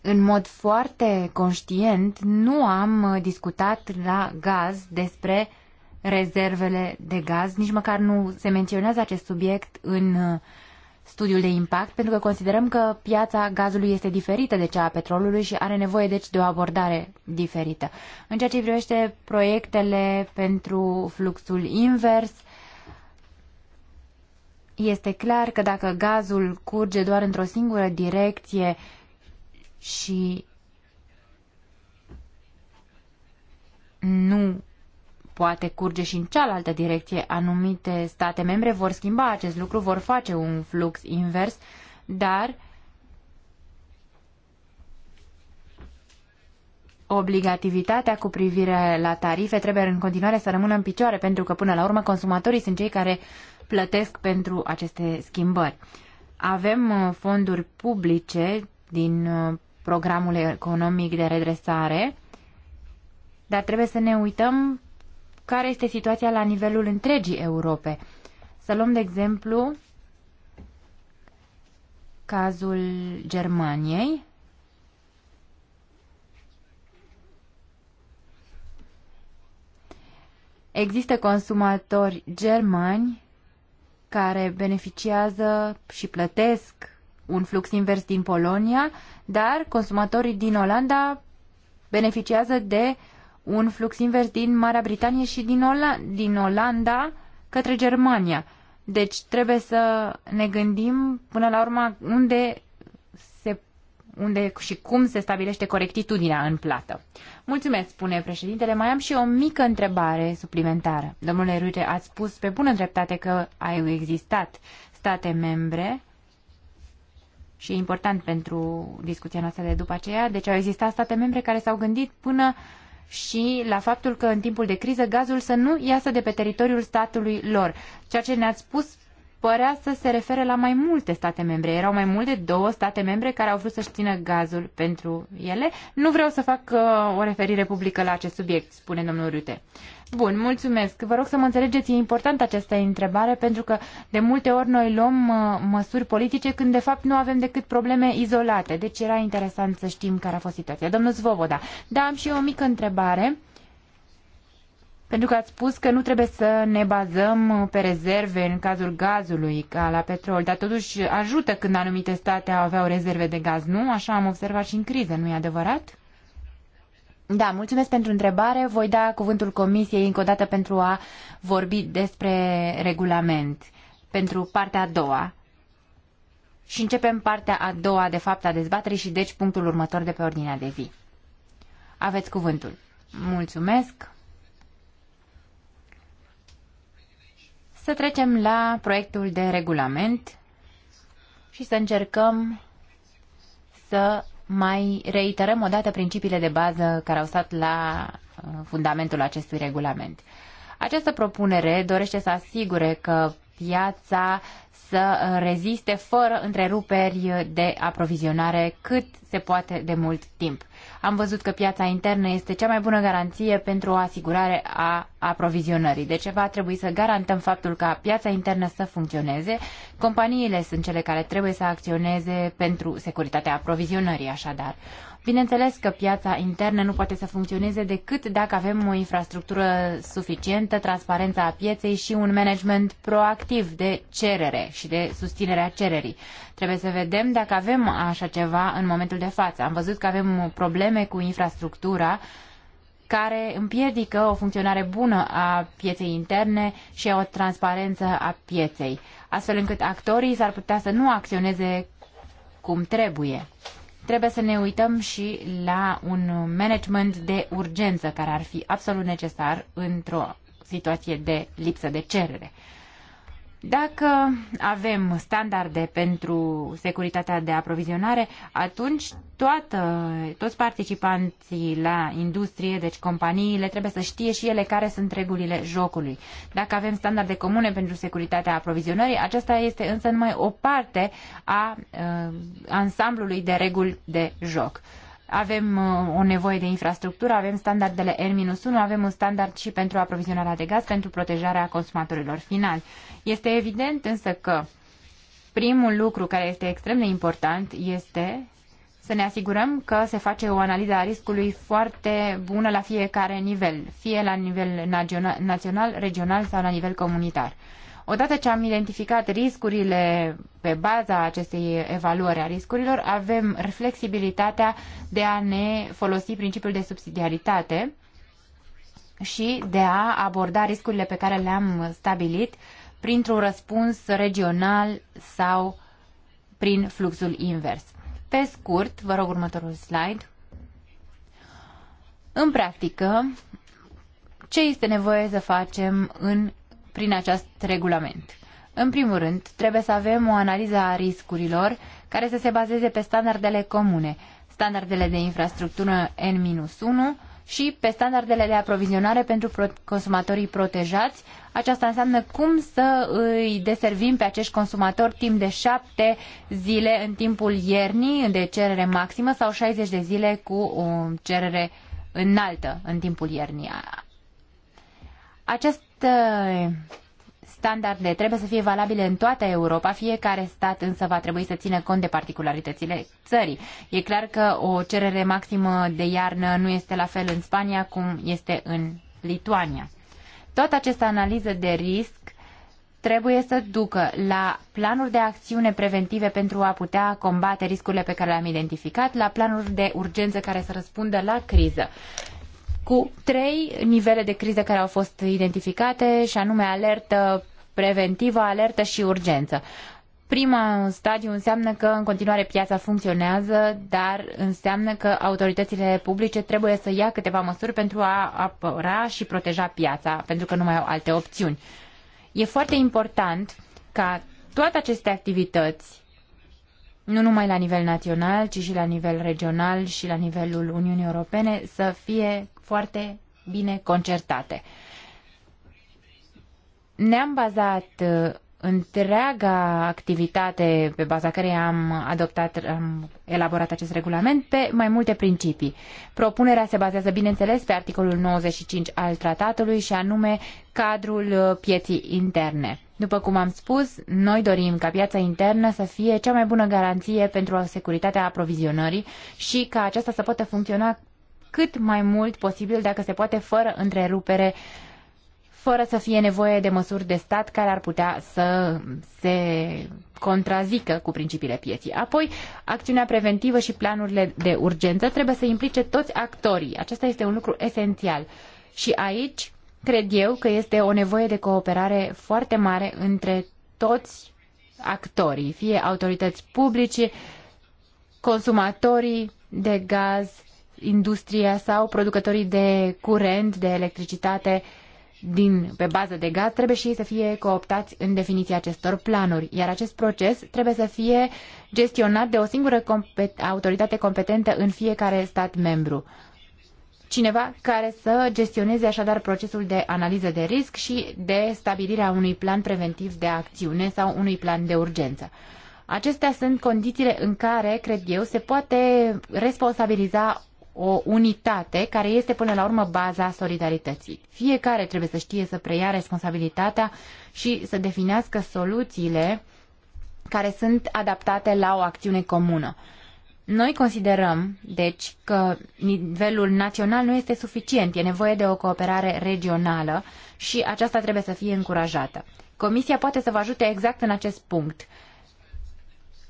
C: În mod foarte conștient, nu am discutat la gaz despre uh, rezervele de gaz. Nici măcar nu se menționează acest subiect în uh, studiul de impact, pentru că considerăm că piața gazului este diferită de cea a petrolului și are nevoie deci de o abordare diferită. În ceea ce privește proiectele pentru fluxul invers, este clar că dacă gazul curge doar într-o singură direcție și nu poate curge și în cealaltă direcție. Anumite state membre vor schimba acest lucru, vor face un flux invers, dar obligativitatea cu privire la tarife trebuie în continuare să rămână în picioare, pentru că până la urmă consumatorii sunt cei care plătesc pentru aceste schimbări. Avem uh, fonduri publice din uh, programul economic de redresare, dar trebuie să ne uităm care este situația la nivelul întregii Europe. Să luăm de exemplu cazul Germaniei. Există consumatori germani care beneficiază și plătesc un flux invers din Polonia, dar consumatorii din Olanda beneficiază de un flux invers din Marea Britanie și din, Ola- din Olanda către Germania. Deci trebuie să ne gândim până la urmă unde se unde și cum se stabilește corectitudinea în plată. Mulțumesc, spune președintele. Mai am și o mică întrebare suplimentară. Domnule Rute, ați spus pe bună dreptate că au existat state membre și e important pentru discuția noastră de după aceea, deci au existat state membre care s-au gândit până uh, și la faptul că în timpul de criză gazul să nu iasă de pe teritoriul statului lor. Ceea ce ne-ați spus părea să se refere la mai multe state membre. Erau mai mult de două state membre care au vrut să-și țină gazul pentru ele. Nu vreau să fac uh, o referire publică la acest subiect, spune domnul Rute. Bun, mulțumesc. Vă rog să mă înțelegeți, e importantă această întrebare pentru că de multe ori noi luăm uh, măsuri politice când de fapt nu avem decât probleme izolate. Deci era interesant să știm care a fost situația. Domnul Zvoboda, da, am și eu o mică întrebare. Pentru că ați spus că nu trebuie să ne bazăm pe rezerve în cazul gazului ca la petrol, dar totuși ajută când anumite state aveau rezerve de gaz, nu? Așa am observat și în criză, nu-i adevărat? Da, mulțumesc pentru întrebare. Voi da cuvântul Comisiei încă o dată pentru a vorbi despre regulament, pentru partea a doua. Și începem partea a doua, de fapt, a dezbaterii și deci punctul următor de pe ordinea de zi. Aveți cuvântul. Mulțumesc. Să trecem la proiectul de regulament și să încercăm să mai reiterăm o dată principiile de bază care au stat la uh, fundamentul acestui regulament. Această propunere dorește să asigure că piața să uh, reziste fără întreruperi de aprovizionare cât se poate de mult timp. Am văzut că piața internă este cea mai bună garanție pentru o asigurare a aprovizionării. Deci va trebui să garantăm faptul ca piața internă să funcționeze. Companiile sunt cele care trebuie să acționeze pentru securitatea aprovizionării, așadar. Bineînțeles că piața internă nu poate să funcționeze decât dacă avem o infrastructură suficientă, transparența a pieței și un management proactiv de cerere și de susținerea cererii. Trebuie să vedem dacă avem așa ceva în momentul de față. Am văzut că avem probleme cu infrastructura care împiedică o funcționare bună a pieței interne și o transparență a pieței, astfel încât actorii s-ar putea să nu acționeze cum trebuie trebuie să ne uităm și la un management de urgență care ar fi absolut necesar într-o situație de lipsă de cerere. Dacă avem standarde pentru securitatea de aprovizionare, atunci toată, toți participanții la industrie, deci companiile, trebuie să știe și ele care sunt regulile jocului. Dacă avem standarde comune pentru securitatea aprovizionării, aceasta este însă numai o parte a uh, ansamblului de reguli de joc avem uh, o nevoie de infrastructură, avem standardele R-1, avem un standard și pentru aprovizionarea de gaz, pentru protejarea consumatorilor finali. Este evident însă că primul lucru care este extrem de important este să ne asigurăm că se face o analiză a riscului foarte bună la fiecare nivel, fie la nivel național, regional sau la nivel comunitar. Odată ce am identificat riscurile pe baza acestei evaluări a riscurilor, avem flexibilitatea de a ne folosi principiul de subsidiaritate și de a aborda riscurile pe care le-am stabilit printr-un răspuns regional sau prin fluxul invers. Pe scurt, vă rog următorul slide. În practică, ce este nevoie să facem în prin acest regulament. În primul rând, trebuie să avem o analiză a riscurilor care să se bazeze pe standardele comune, standardele de infrastructură N-1 și pe standardele de aprovizionare pentru consumatorii protejați. Aceasta înseamnă cum să îi deservim pe acești consumatori timp de șapte zile în timpul iernii de cerere maximă sau 60 de zile cu o cerere înaltă în timpul iernii. Acest standarde trebuie să fie valabile în toată Europa, fiecare stat însă va trebui să țină cont de particularitățile țării. E clar că o cerere maximă de iarnă nu este la fel în Spania cum este în Lituania. Tot această analiză de risc trebuie să ducă la planuri de acțiune preventive pentru a putea combate riscurile pe care le-am identificat, la planuri de urgență care să răspundă la criză cu trei nivele de criză care au fost identificate, și anume alertă preventivă, alertă și urgență. Prima stadiu înseamnă că în continuare piața funcționează, dar înseamnă că autoritățile publice trebuie să ia câteva măsuri pentru a apăra și proteja piața, pentru că nu mai au alte opțiuni. E foarte important ca toate aceste activități, nu numai la nivel național, ci și la nivel regional și la nivelul Uniunii Europene, să fie foarte bine concertate. Ne-am bazat uh, întreaga activitate pe baza care am adoptat, am elaborat acest regulament pe mai multe principii. Propunerea se bazează, bineînțeles, pe articolul 95 al tratatului și anume cadrul uh, pieții interne. După cum am spus, noi dorim ca piața internă să fie cea mai bună garanție pentru securitatea aprovizionării și ca aceasta să poată funcționa cât mai mult posibil, dacă se poate, fără întrerupere, fără să fie nevoie de măsuri de stat care ar putea să se contrazică cu principiile pieții. Apoi, acțiunea preventivă și planurile de urgență trebuie să implice toți actorii. Acesta este un lucru esențial. Și aici, cred eu că este o nevoie de cooperare foarte mare între toți actorii, fie autorități publice, consumatorii de gaz, industria sau producătorii de curent, de electricitate din, pe bază de gaz, trebuie și ei să fie cooptați în definiția acestor planuri, iar acest proces trebuie să fie gestionat de o singură compet autoritate competentă în fiecare stat membru. Cineva care să gestioneze așadar procesul de analiză de risc și de stabilirea unui plan preventiv de acțiune sau unui plan de urgență. Acestea sunt condițiile în care, cred eu, se poate responsabiliza o unitate care este până la urmă baza solidarității. Fiecare trebuie să știe să preia responsabilitatea și să definească soluțiile care sunt adaptate la o acțiune comună. Noi considerăm, deci, că nivelul național nu este suficient, e nevoie de o cooperare regională și aceasta trebuie să fie încurajată. Comisia poate să vă ajute exact în acest punct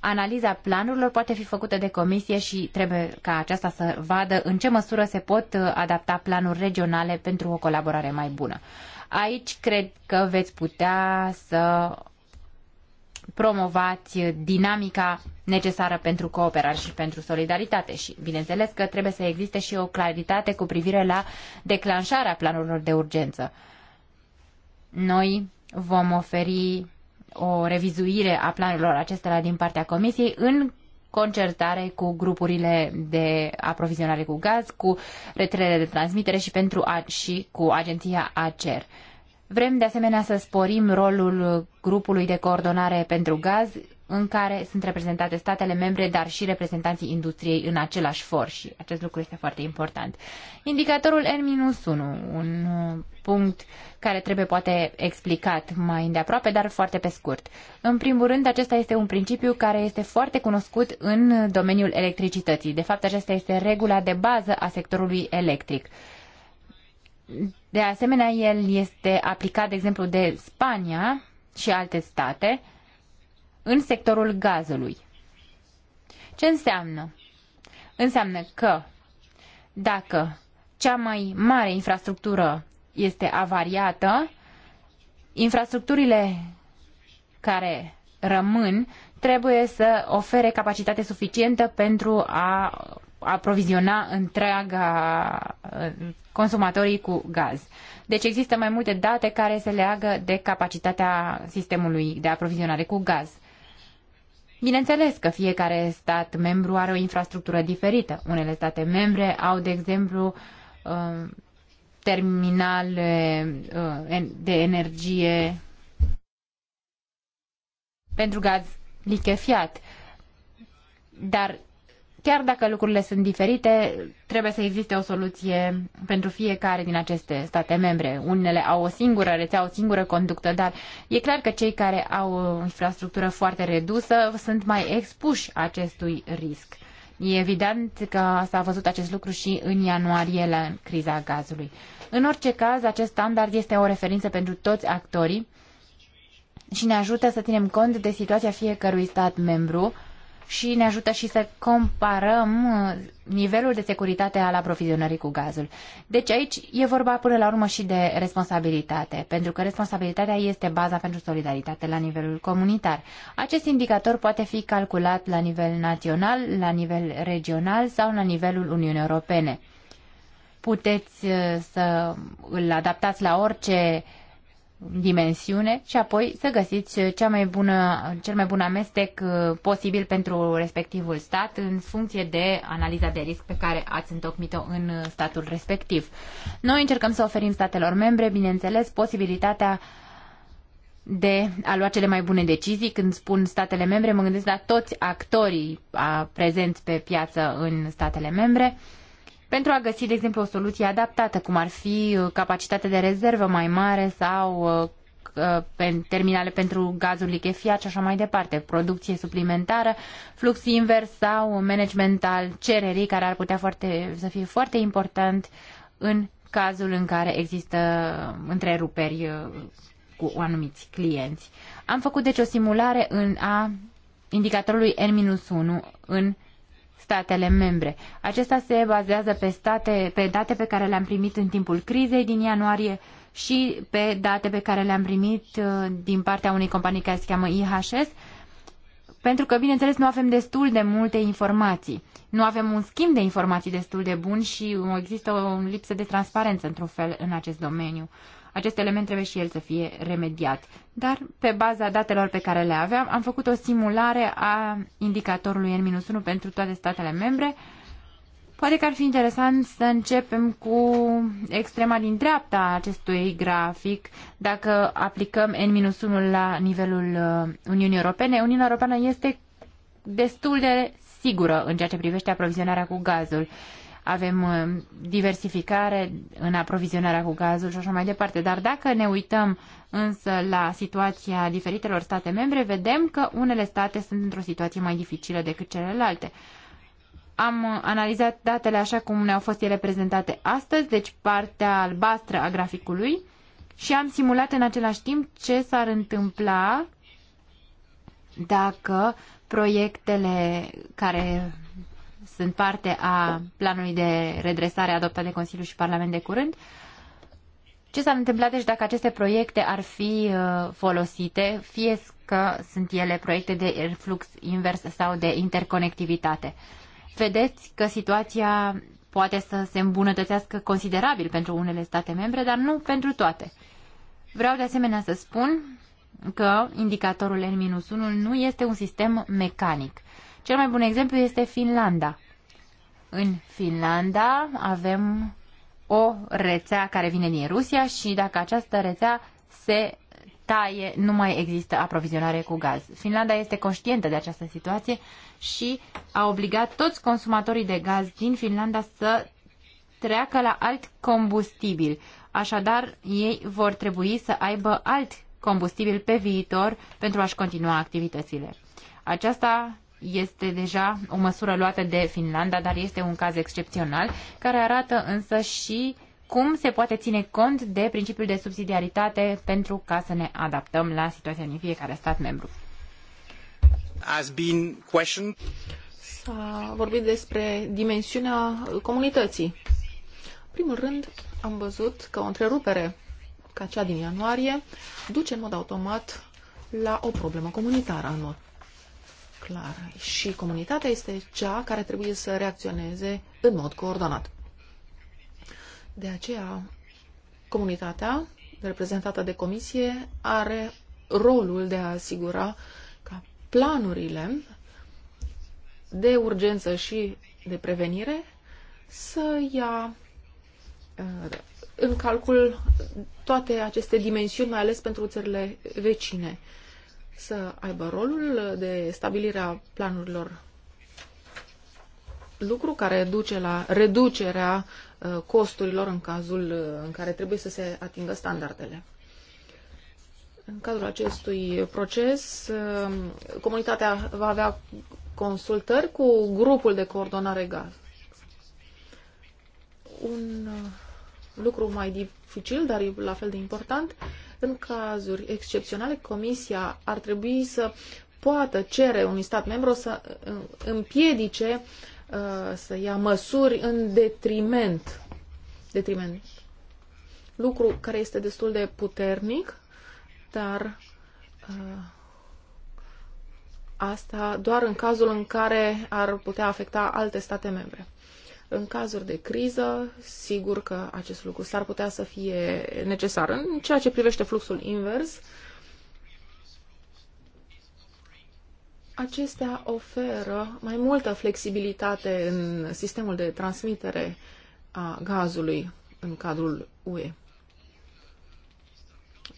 C: analiza planurilor poate fi făcută de comisie și trebuie ca aceasta să vadă în ce măsură se pot uh, adapta planuri regionale pentru o colaborare mai bună. Aici cred că veți putea să promovați dinamica necesară pentru cooperare și pentru solidaritate și, bineînțeles, că trebuie să existe și o claritate cu privire la declanșarea planurilor de urgență. Noi vom oferi o revizuire a planurilor acestora din partea Comisiei în concertare cu grupurile de aprovizionare cu gaz, cu rețelele de transmitere și, pentru a, și cu agenția ACER. Vrem de asemenea să sporim rolul grupului de coordonare pentru gaz în care sunt reprezentate statele membre, dar și reprezentanții industriei în același for și acest lucru este foarte important. Indicatorul N-1, un punct care trebuie poate explicat mai îndeaproape, dar foarte pe scurt. În primul rând, acesta este un principiu care este foarte cunoscut în domeniul electricității. De fapt, acesta este regula de bază a sectorului electric. De asemenea, el este aplicat, de exemplu, de Spania și alte state, în sectorul gazului. Ce înseamnă? Înseamnă că dacă cea mai mare infrastructură este avariată, infrastructurile care rămân trebuie să ofere capacitate suficientă pentru a aproviziona întreaga consumatorii cu gaz. Deci există mai multe date care se leagă de capacitatea sistemului de aprovizionare cu gaz. Bineînțeles că fiecare stat membru are o infrastructură diferită. Unele state membre au, de exemplu, um, terminale uh, de energie pentru gaz lichefiat. Dar Chiar dacă lucrurile sunt diferite, trebuie să existe o soluție pentru fiecare din aceste state membre. Unele au o singură rețea, o singură conductă, dar e clar că cei care au o infrastructură foarte redusă sunt mai expuși acestui risc. E evident că s-a văzut acest lucru și în ianuarie la criza gazului. În orice caz, acest standard este o referință pentru toți actorii și ne ajută să ținem cont de situația fiecărui stat membru și ne ajută și să comparăm uh, nivelul de securitate al aprovizionării cu gazul. Deci aici e vorba până la urmă și de responsabilitate, pentru că responsabilitatea este baza pentru solidaritate la nivelul comunitar. Acest indicator poate fi calculat la nivel național, la nivel regional sau la nivelul Uniunii Europene. Puteți uh, să îl adaptați la orice uh, dimensiune și apoi să găsiți cea mai bună, cel mai bun amestec uh, posibil pentru respectivul stat în funcție de analiza de risc pe care ați întocmit-o în statul respectiv. Noi încercăm să oferim statelor membre, bineînțeles, posibilitatea de a lua cele mai bune decizii. Când spun statele membre, mă gândesc la toți actorii uh, prezenți pe piață în statele membre pentru a găsi, de exemplu, o soluție adaptată, cum ar fi uh, capacitatea de rezervă mai mare sau uh, uh, terminale pentru gazul lichefiat și așa mai departe, producție suplimentară, flux invers sau management al cererii, care ar putea foarte, să fie foarte important în cazul în care există întreruperi cu anumiți clienți. Am făcut deci o simulare în a indicatorului N-1 în statele membre. Acesta se bazează pe, state, pe date pe care le-am primit în timpul crizei din ianuarie și pe date pe care le-am primit uh, din partea unei companii care se cheamă IHS, pentru că, bineînțeles, nu avem destul de multe informații. Nu avem un schimb de informații destul de bun și există o lipsă de transparență, într-un fel, în acest domeniu. Acest element trebuie și el să fie remediat. Dar, pe baza datelor pe care le aveam, am făcut o simulare a indicatorului N-1 pentru toate statele membre. Poate că ar fi interesant să începem cu extrema din dreapta acestui grafic. Dacă aplicăm N-1 la nivelul uh, Uniunii Europene, Uniunea Europeană este destul de sigură în ceea ce privește aprovizionarea cu gazul avem uh, diversificare în aprovizionarea cu gazul și așa mai departe. Dar dacă ne uităm însă la situația diferitelor state membre, vedem că unele state sunt într-o situație mai dificilă decât celelalte. Am uh, analizat datele așa cum ne-au fost ele prezentate astăzi, deci partea albastră a graficului, și am simulat în același timp ce s-ar întâmpla dacă proiectele care sunt parte a planului de redresare adoptat de Consiliu și Parlament de curând. Ce s-ar întâmpla deci dacă aceste proiecte ar fi uh, folosite, fie că sunt ele proiecte de flux invers sau de interconectivitate? Vedeți că situația poate să se îmbunătățească considerabil pentru unele state membre, dar nu pentru toate. Vreau de asemenea să spun că indicatorul N-1 nu este un sistem mecanic. Cel mai bun exemplu este Finlanda în Finlanda avem o rețea care vine din Rusia și dacă această rețea se taie, nu mai există aprovizionare cu gaz. Finlanda este conștientă de această situație și a obligat toți consumatorii de gaz din Finlanda să treacă la alt combustibil. Așadar, ei vor trebui să aibă alt combustibil pe viitor pentru a-și continua activitățile. Aceasta este deja o măsură luată de Finlanda, dar este un caz excepțional, care arată însă și cum se poate ține cont de principiul de subsidiaritate pentru ca să ne adaptăm la situația din fiecare stat membru.
D: Has been questioned.
C: S-a vorbit despre dimensiunea
E: comunității. În primul rând, am văzut că o întrerupere ca cea din ianuarie duce în mod automat la o problemă comunitară în mod clar. Și comunitatea este cea care trebuie să reacționeze în mod coordonat. De aceea, comunitatea reprezentată de comisie are rolul de a asigura ca planurile de urgență și de prevenire să ia uh, în calcul toate aceste dimensiuni, mai ales pentru țările vecine să aibă rolul de stabilirea planurilor lucru care duce la reducerea uh, costurilor în cazul uh, în care trebuie să se atingă standardele. În cadrul acestui proces, uh, comunitatea va avea consultări cu grupul de coordonare gaz. Un lucru mai dificil, dar la fel de important, în cazuri excepționale, Comisia ar trebui să poată cere unui stat membru să uh, împiedice uh, să ia măsuri în detriment, detriment. Lucru care este destul de puternic, dar uh, asta doar în cazul în care ar putea afecta alte state membre. În cazuri de criză, sigur că acest lucru s-ar putea să fie necesar. În ceea ce privește fluxul invers, acestea oferă mai multă flexibilitate în sistemul de transmitere a gazului în cadrul UE.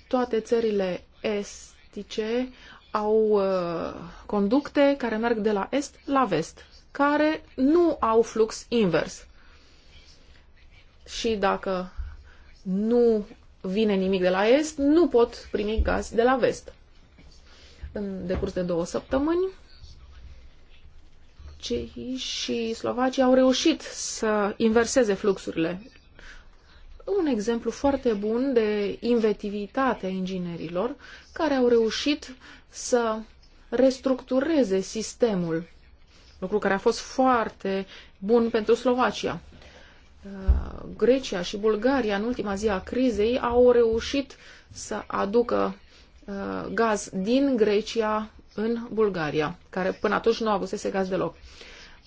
E: Toate țările estice au uh, conducte care merg de la est la vest care nu au flux invers. Și dacă nu vine nimic de la est, nu pot primi gaz de la vest. În decurs de două săptămâni, cei și Slovacii au reușit să inverseze fluxurile. Un exemplu foarte bun de inventivitate a inginerilor care au reușit să restructureze sistemul lucru care a fost foarte bun pentru Slovacia. Uh, Grecia și Bulgaria în ultima zi a crizei au reușit să aducă uh, gaz din Grecia în Bulgaria, care până atunci nu avusese gaz deloc.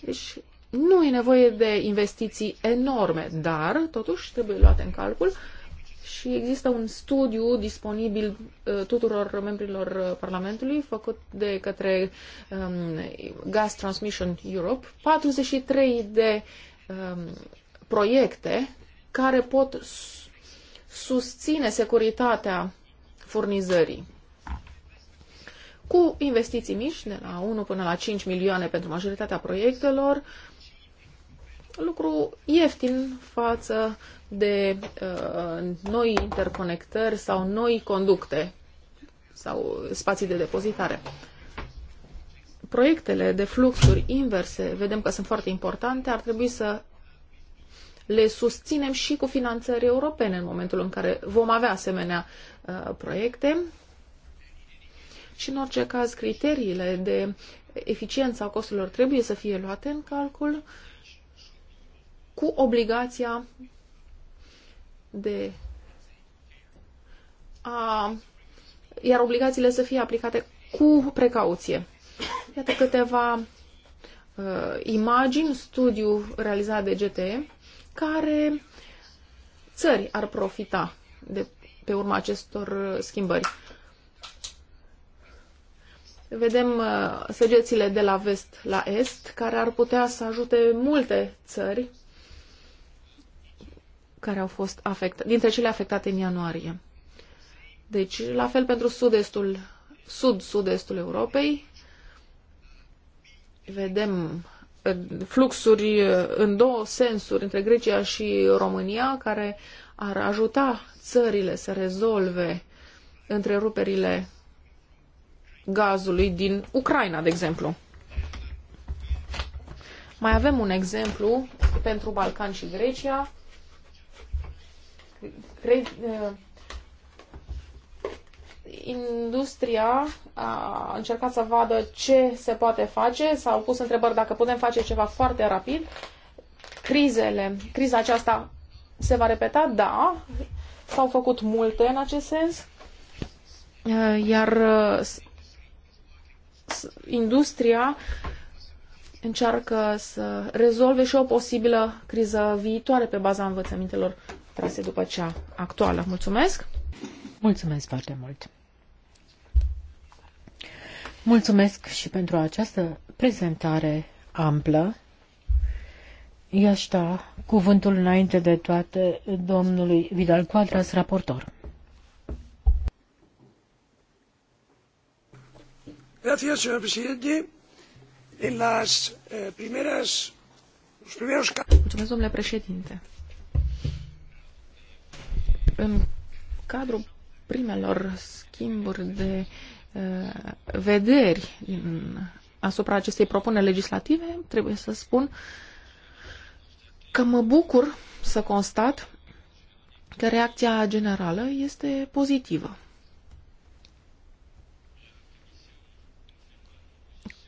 E: Deci nu e nevoie de investiții enorme, dar totuși trebuie luate în calcul și există un studiu disponibil uh, tuturor membrilor uh, Parlamentului făcut de către um, Gas Transmission Europe, 43 de um, proiecte care pot susține securitatea furnizării cu investiții mici, de la 1 până la 5 milioane pentru majoritatea proiectelor, lucru ieftin față de uh, noi interconectări sau noi conducte sau spații de depozitare. Proiectele de fluxuri inverse, vedem că sunt foarte importante, ar trebui să le susținem și cu finanțări europene în momentul în care vom avea asemenea uh, proiecte. Și în orice caz, criteriile de eficiență a costurilor trebuie să fie luate în calcul cu obligația de a, iar obligațiile să fie aplicate cu precauție. Iată câteva uh, imagini, studiu realizat de GTE, care țări ar profita de pe urma acestor uh, schimbări. Vedem uh, săgețile de la vest la est, care ar putea să ajute multe țări care au fost afectate, dintre cele afectate în ianuarie. Deci, la fel pentru sud-estul, sud-sud-estul Europei, vedem eh, fluxuri eh, în două sensuri, între Grecia și România, care ar ajuta țările să rezolve întreruperile gazului din Ucraina, de exemplu. Mai avem un exemplu pentru Balcan și Grecia, cre, uh, industria a încercat să vadă ce se poate face, s-au pus întrebări dacă putem face ceva foarte rapid. Crizele, criza aceasta se va repeta? Da. S-au făcut multe în acest sens. Uh, iar uh, industria încearcă să rezolve și o posibilă criză viitoare pe baza învățămintelor trase după cea actuală. Mulțumesc!
B: Mulțumesc foarte mult! Mulțumesc și pentru această prezentare amplă. i cuvântul înainte de toate domnului Vidal Quadras, raportor.
A: Gracias, señor
D: presidente. En las eh, primeras, los primeros...
A: Mulțumesc,
E: domnule președinte. În cadrul primelor schimburi de uh, vederi din, asupra acestei propuneri legislative, trebuie să spun că mă bucur să constat că reacția generală este pozitivă.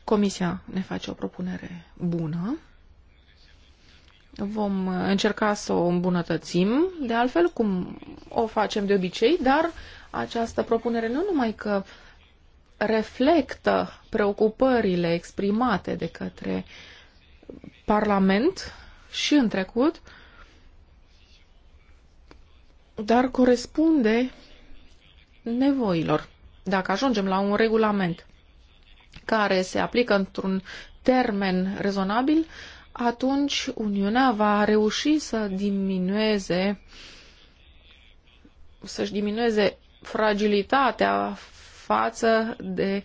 E: Comisia ne face o propunere bună Vom uh, încerca să o îmbunătățim, de altfel cum o facem de obicei, dar această propunere nu numai că reflectă preocupările exprimate de către Parlament și în trecut, dar corespunde nevoilor. Dacă ajungem la un regulament care se aplică într-un termen rezonabil, atunci Uniunea va reuși să diminueze să-și diminueze fragilitatea față de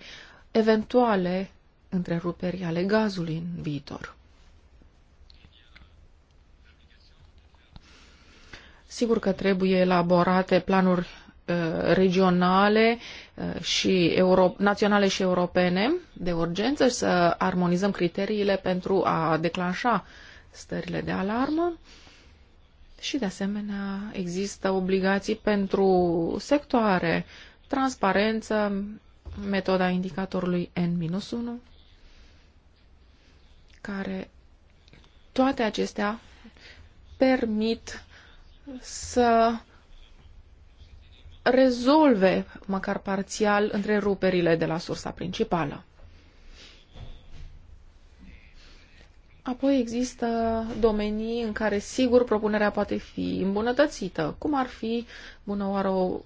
E: eventuale întreruperi ale gazului în viitor. Sigur că trebuie elaborate planuri Uh, regionale uh, și euro, naționale și europene de urgență și să armonizăm criteriile pentru a declanșa stările de alarmă. Și, de asemenea, există obligații pentru sectoare, transparență, metoda indicatorului N-1, care toate acestea permit să uh, rezolve, măcar parțial, întreruperile de la sursa principală. Apoi există domenii în care, sigur, propunerea poate fi îmbunătățită, cum ar fi, bună oară, o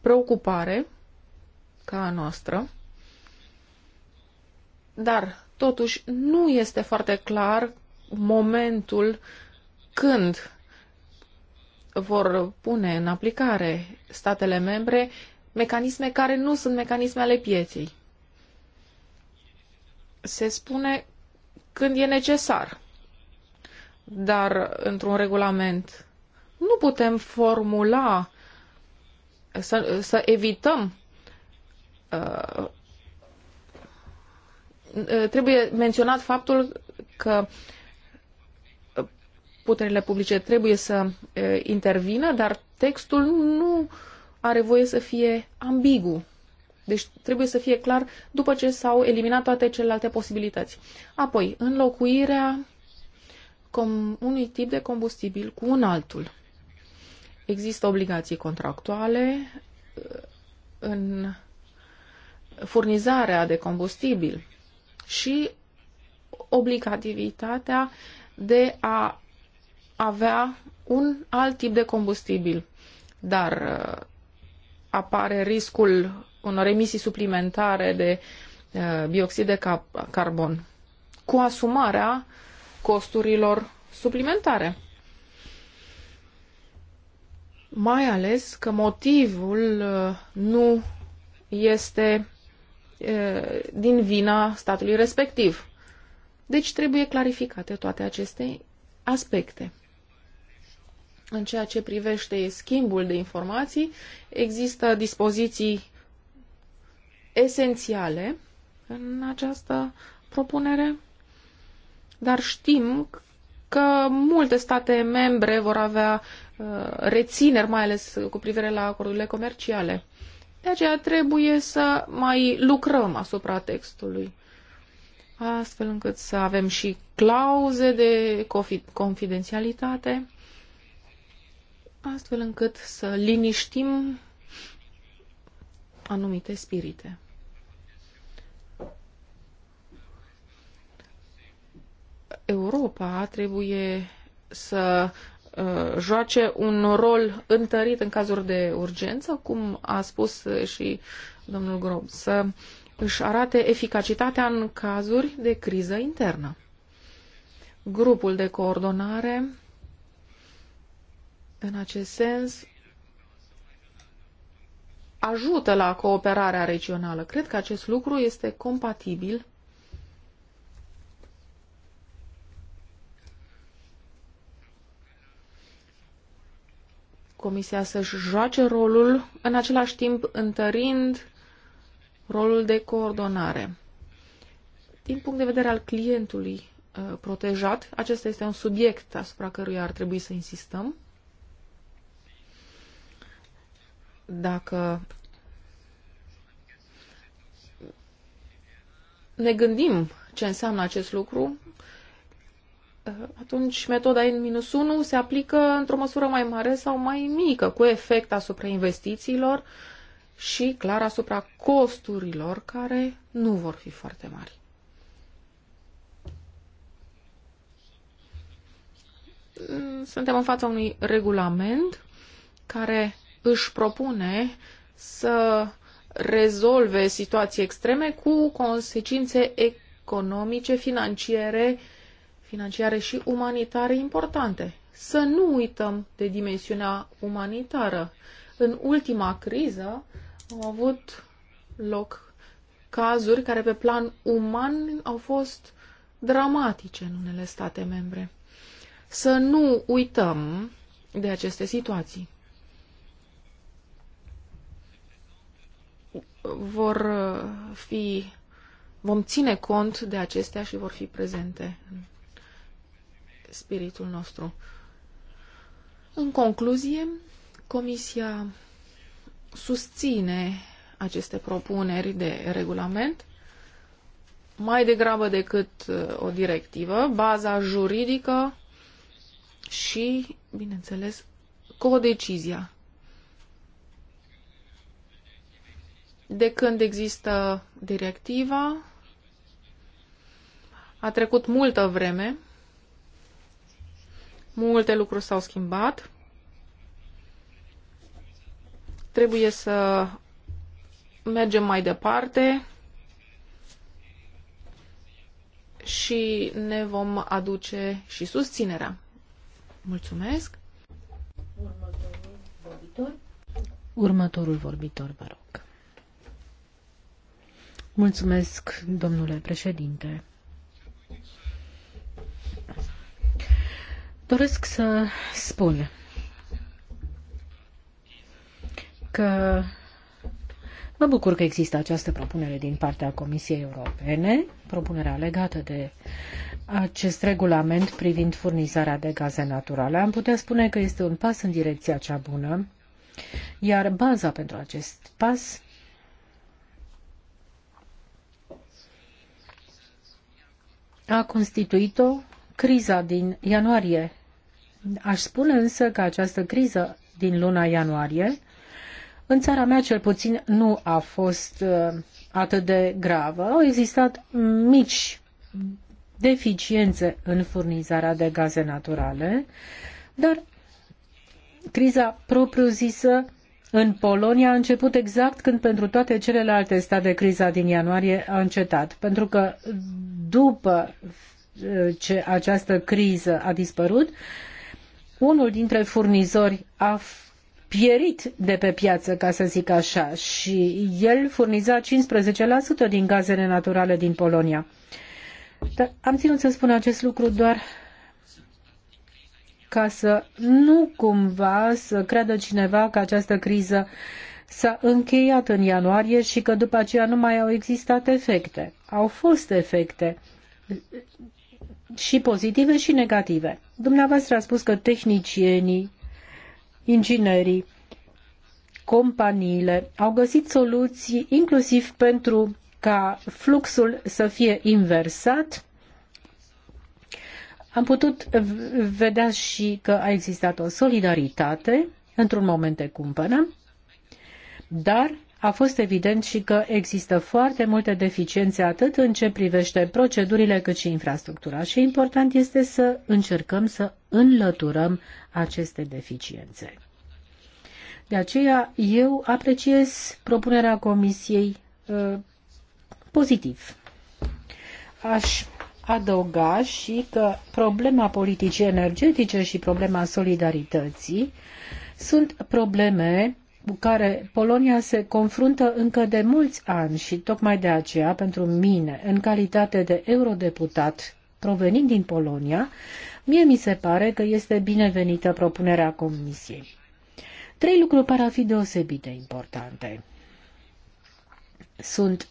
E: preocupare ca a noastră, dar, totuși, nu este foarte clar momentul când vor pune în aplicare statele membre mecanisme care nu sunt mecanisme ale pieței. Se spune când e necesar, dar într-un regulament nu putem formula să, să evităm uh, uh trebuie menționat faptul că puterile publice trebuie să intervină, dar textul nu are voie să fie ambigu. Deci trebuie să fie clar după ce s-au eliminat toate celelalte posibilități. Apoi, înlocuirea unui tip de combustibil cu un altul. Există obligații contractuale în furnizarea de combustibil și obligativitatea de a avea un alt tip de combustibil. Dar uh, apare riscul unor emisii suplimentare de uh, bioxid de carbon cu asumarea costurilor suplimentare. Mai ales că motivul uh, nu este din vina statului respectiv. Deci trebuie clarificate toate aceste aspecte. În ceea ce privește schimbul de informații, există dispoziții esențiale în această propunere, dar știm că multe state membre vor avea uh, rețineri, mai ales cu privire la acordurile comerciale. De aceea trebuie să mai lucrăm asupra textului, astfel încât să avem și clauze de confidențialitate astfel încât să liniștim anumite spirite. Europa trebuie să uh, joace un rol întărit în cazuri de urgență, cum a spus și domnul Grob, să își arate eficacitatea în cazuri de criză internă. Grupul de coordonare în acest sens ajută la cooperarea regională. Cred că acest lucru este compatibil Comisia să-și joace rolul, în același timp întărind rolul de coordonare. Din punct de vedere al clientului uh, protejat, acesta este un subiect asupra căruia ar trebui să insistăm. dacă ne gândim ce înseamnă acest lucru, atunci metoda N-1 se aplică într-o măsură mai mare sau mai mică, cu efect asupra investițiilor și, clar, asupra costurilor, care nu vor fi foarte mari. Suntem în fața unui regulament care își propune să rezolve situații extreme cu consecințe economice, financiare, financiare și umanitare importante. Să nu uităm de dimensiunea umanitară. În ultima criză au avut loc cazuri care pe plan uman au fost dramatice în unele state membre. Să nu uităm de aceste situații. vor uh, fi, vom ține cont de acestea și vor fi prezente în spiritul nostru. În concluzie, Comisia susține aceste propuneri de regulament mai degrabă decât uh, o directivă, baza juridică și, bineînțeles, codecizia. De când există directiva, a trecut multă vreme, multe lucruri s-au schimbat, trebuie să mergem mai departe și ne vom aduce și susținerea.
B: Mulțumesc! Următorul vorbitor. Următorul vorbitor, vă rog. Mulțumesc, domnule președinte. Doresc să spun că mă bucur că există această propunere din partea Comisiei Europene, propunerea legată de acest regulament privind furnizarea de gaze naturale. Am putea spune că este un pas în direcția cea bună, iar baza pentru acest pas a constituit-o criza din ianuarie. Aș spune însă că această criză din luna ianuarie, în țara mea cel puțin, nu a fost uh, atât de gravă. Au existat mici deficiențe în furnizarea de gaze naturale, dar criza propriu-zisă în Polonia a început exact când pentru toate celelalte state criza din ianuarie a încetat. Pentru că după eh, ce această criză a dispărut, unul dintre furnizori a pierit de pe piață, ca să zic așa, și el furniza 15% din gazele naturale din Polonia. Dar am ținut să spun acest lucru doar ca să nu cumva să creadă cineva că această criză s-a încheiat în ianuarie și că după aceea nu mai au existat efecte. Au fost efecte și pozitive și negative. Dumneavoastră a spus că tehnicienii, inginerii, companiile au găsit soluții inclusiv pentru ca fluxul să fie inversat am putut vedea și că a existat o solidaritate într-un moment de cumpănă, dar a fost evident și că există foarte multe deficiențe atât în ce privește procedurile cât și infrastructura și important este să încercăm să înlăturăm aceste deficiențe. De aceea eu apreciez propunerea Comisiei uh, pozitiv. Aș adăuga și că problema politicii energetice și problema solidarității sunt probleme cu care Polonia se confruntă încă de mulți ani și tocmai de aceea, pentru mine, în calitate de eurodeputat provenind din Polonia, mie mi se pare că este binevenită propunerea Comisiei. Trei lucruri par a fi deosebit de importante. Sunt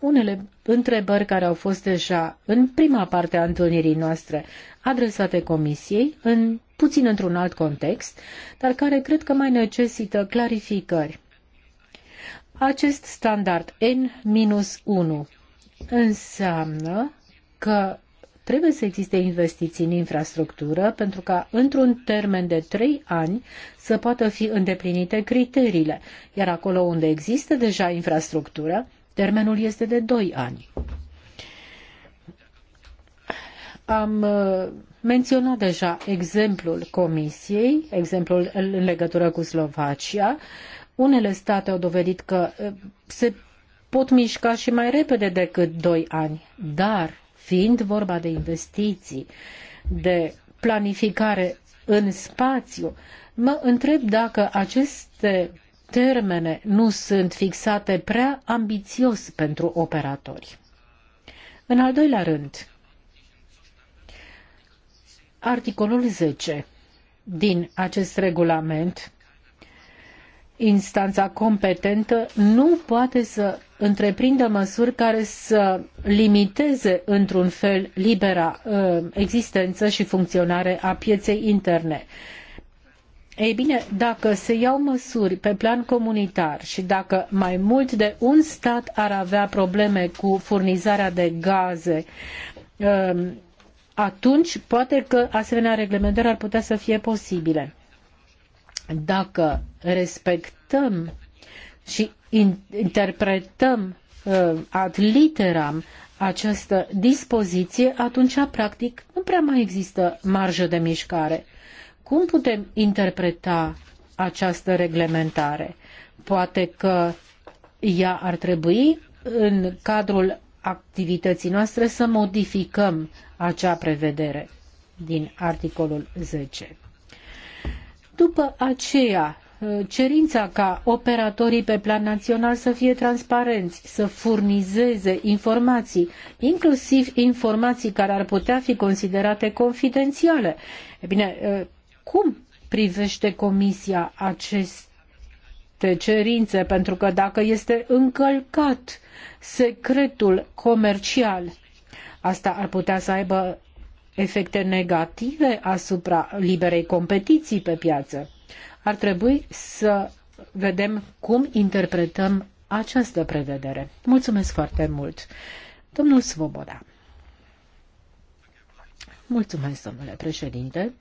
B: unele întrebări care au fost deja în prima parte a întâlnirii noastre adresate Comisiei, în, puțin într-un alt context, dar care cred că mai necesită clarificări. Acest standard N-1 înseamnă că trebuie să existe investiții în infrastructură pentru ca într-un termen de trei ani să poată fi îndeplinite criteriile, iar acolo unde există deja infrastructură, Termenul este de 2 ani. Am uh, menționat deja exemplul Comisiei, exemplul în legătură cu Slovacia. Unele state au dovedit că uh, se pot mișca și mai repede decât 2 ani, dar fiind vorba de investiții, de planificare în spațiu, mă întreb dacă aceste termene nu sunt fixate prea ambițios pentru operatori. În al doilea rând, articolul 10 din acest regulament instanța competentă nu poate să întreprindă măsuri care să limiteze într-un fel libera uh, existență și funcționare a pieței interne. Ei bine, dacă se iau măsuri pe plan comunitar și dacă mai mult de un stat ar avea probleme cu furnizarea de gaze, um, atunci poate că asemenea reglementări ar putea să fie posibile. Dacă respectăm și interpretăm uh, ad literam această dispoziție, atunci, practic, nu prea mai există marjă de mișcare. Cum putem interpreta această reglementare? Poate că ea ar trebui în cadrul activității noastre să modificăm acea prevedere din articolul 10. După aceea, cerința ca operatorii pe plan național să fie transparenți, să furnizeze informații, inclusiv informații care ar putea fi considerate confidențiale. E bine, cum privește Comisia aceste cerințe? Pentru că dacă este încălcat secretul comercial, asta ar putea să aibă efecte negative asupra liberei competiții pe piață. Ar trebui să vedem cum interpretăm această prevedere. Mulțumesc foarte mult. Domnul Svoboda. Mulțumesc, domnule președinte.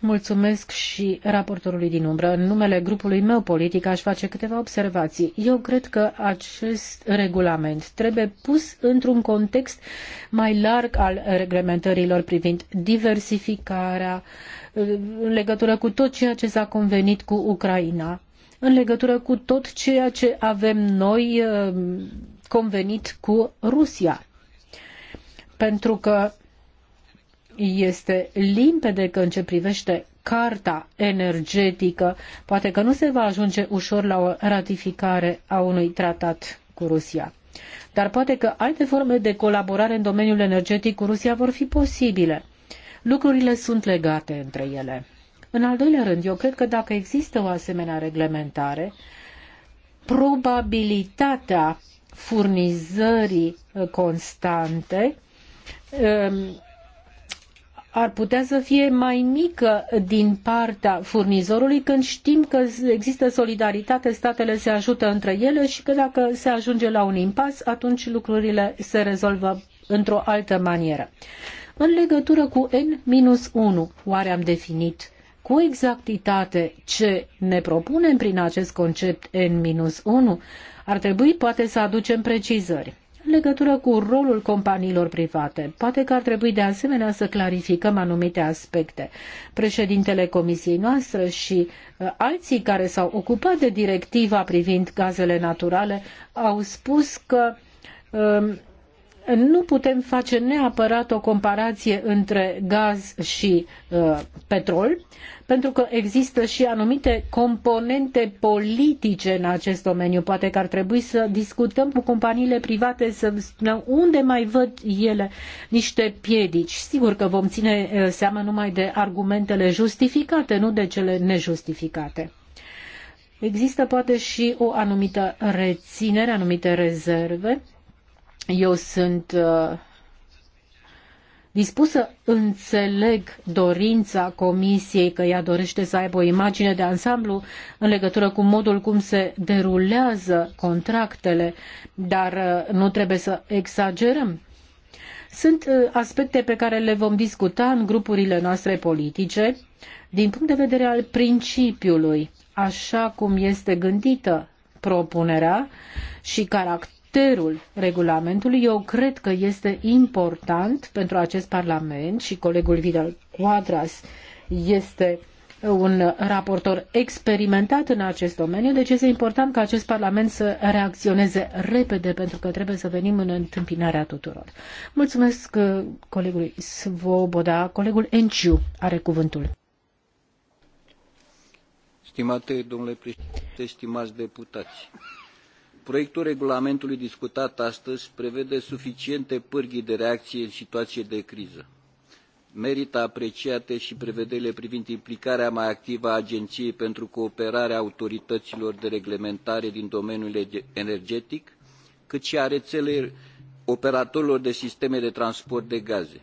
B: Mulțumesc și raportorului din umbră. În numele grupului meu politic aș face câteva observații. Eu cred că acest regulament trebuie pus într-un context mai larg al reglementărilor privind diversificarea uh, în legătură cu tot ceea ce s-a convenit cu Ucraina, în legătură cu tot ceea ce avem noi uh, convenit cu Rusia. Pentru că este limpede că în ce privește carta energetică, poate că nu se va ajunge ușor la o ratificare a unui tratat cu Rusia. Dar poate că alte forme de colaborare în domeniul energetic cu Rusia vor fi posibile. Lucrurile sunt legate între ele. În al doilea rând, eu cred că dacă există o asemenea reglementare, probabilitatea furnizării uh, constante um, ar putea să fie mai mică din partea furnizorului când știm că există solidaritate, statele se ajută între ele și că dacă se ajunge la un impas, atunci lucrurile se rezolvă într-o altă manieră. În legătură cu N-1, oare am definit cu exactitate ce ne propunem prin acest concept N-1? Ar trebui poate să aducem precizări legătură cu rolul companiilor private. Poate că ar trebui de asemenea să clarificăm anumite aspecte. Președintele comisiei noastre și uh, alții care s-au ocupat de directiva privind gazele naturale au spus că um, nu putem face neapărat o comparație între gaz și uh, petrol, pentru că există și anumite componente politice în acest domeniu. Poate că ar trebui să discutăm cu companiile private să spunem unde mai văd ele niște piedici. Sigur că vom ține uh, seama numai de argumentele justificate, nu de cele nejustificate. Există poate și o anumită reținere, anumite rezerve eu sunt uh, dispus să înțeleg dorința Comisiei că ea dorește să aibă o imagine de ansamblu în legătură cu modul cum se derulează contractele, dar uh, nu trebuie să exagerăm. Sunt uh, aspecte pe care le vom discuta în grupurile noastre politice din punct de vedere al principiului, așa cum este gândită propunerea și caracterul caracterul regulamentului. Eu cred că este important pentru acest Parlament și colegul Vidal Quadras este un raportor experimentat în acest domeniu, deci este important ca acest Parlament să reacționeze repede pentru că trebuie să venim în întâmpinarea tuturor. Mulțumesc uh, colegului Svoboda. Colegul Enciu are cuvântul.
D: Stimate domnule președinte, stimați deputați, Proiectul regulamentului discutat astăzi prevede suficiente pârghii de reacție în situație de criză. Merită apreciate și prevederile privind implicarea mai activă a Agenției pentru cooperarea autorităților de reglementare din domeniul energetic, cât și a rețelei operatorilor de sisteme de transport de gaze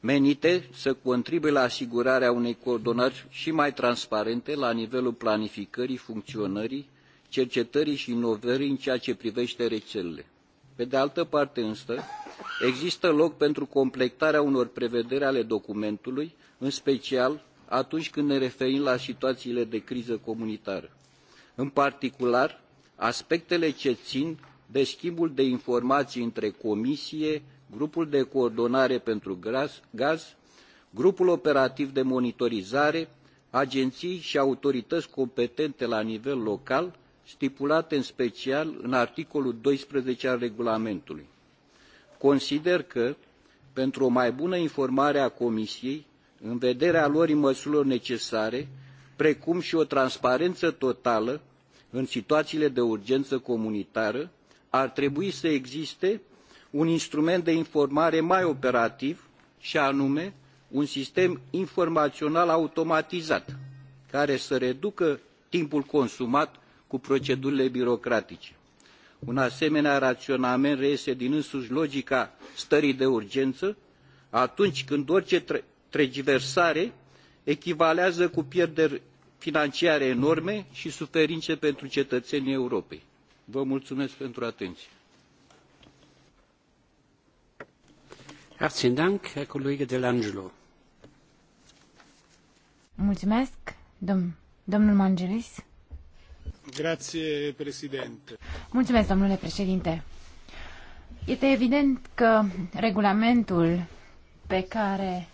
D: menite să contribuie la asigurarea unei coordonări și mai transparente la nivelul planificării, funcționării cercetării și inovării în ceea ce privește rețelele. Pe de altă parte însă, există loc pentru completarea unor prevederi ale documentului, în special atunci când ne referim la situațiile de criză comunitară. În particular, aspectele ce țin de schimbul de informații între Comisie, Grupul de Coordonare pentru Gaz, Grupul Operativ de Monitorizare, agenții și autorități competente la nivel local, stipulate în special în articolul 12 al regulamentului. Consider că, pentru o mai bună informare a Comisiei, în vederea luării măsurilor necesare, precum și o transparență totală în situațiile de urgență comunitară, ar trebui să existe un instrument de informare mai operativ și anume un sistem informațional automatizat care să reducă timpul consumat cu procedurile birocratice. Un asemenea raționament reiese din însuși logica stării de urgență, atunci când orice tergiversare echivalează cu pierderi financiare enorme și suferințe pentru cetățenii Europei. Vă mulțumesc pentru atenție.
C: Mulțumesc, domn, domnul Mangelis.
D: Grazie,
C: Mulțumesc, domnule președinte. Este evident că regulamentul pe care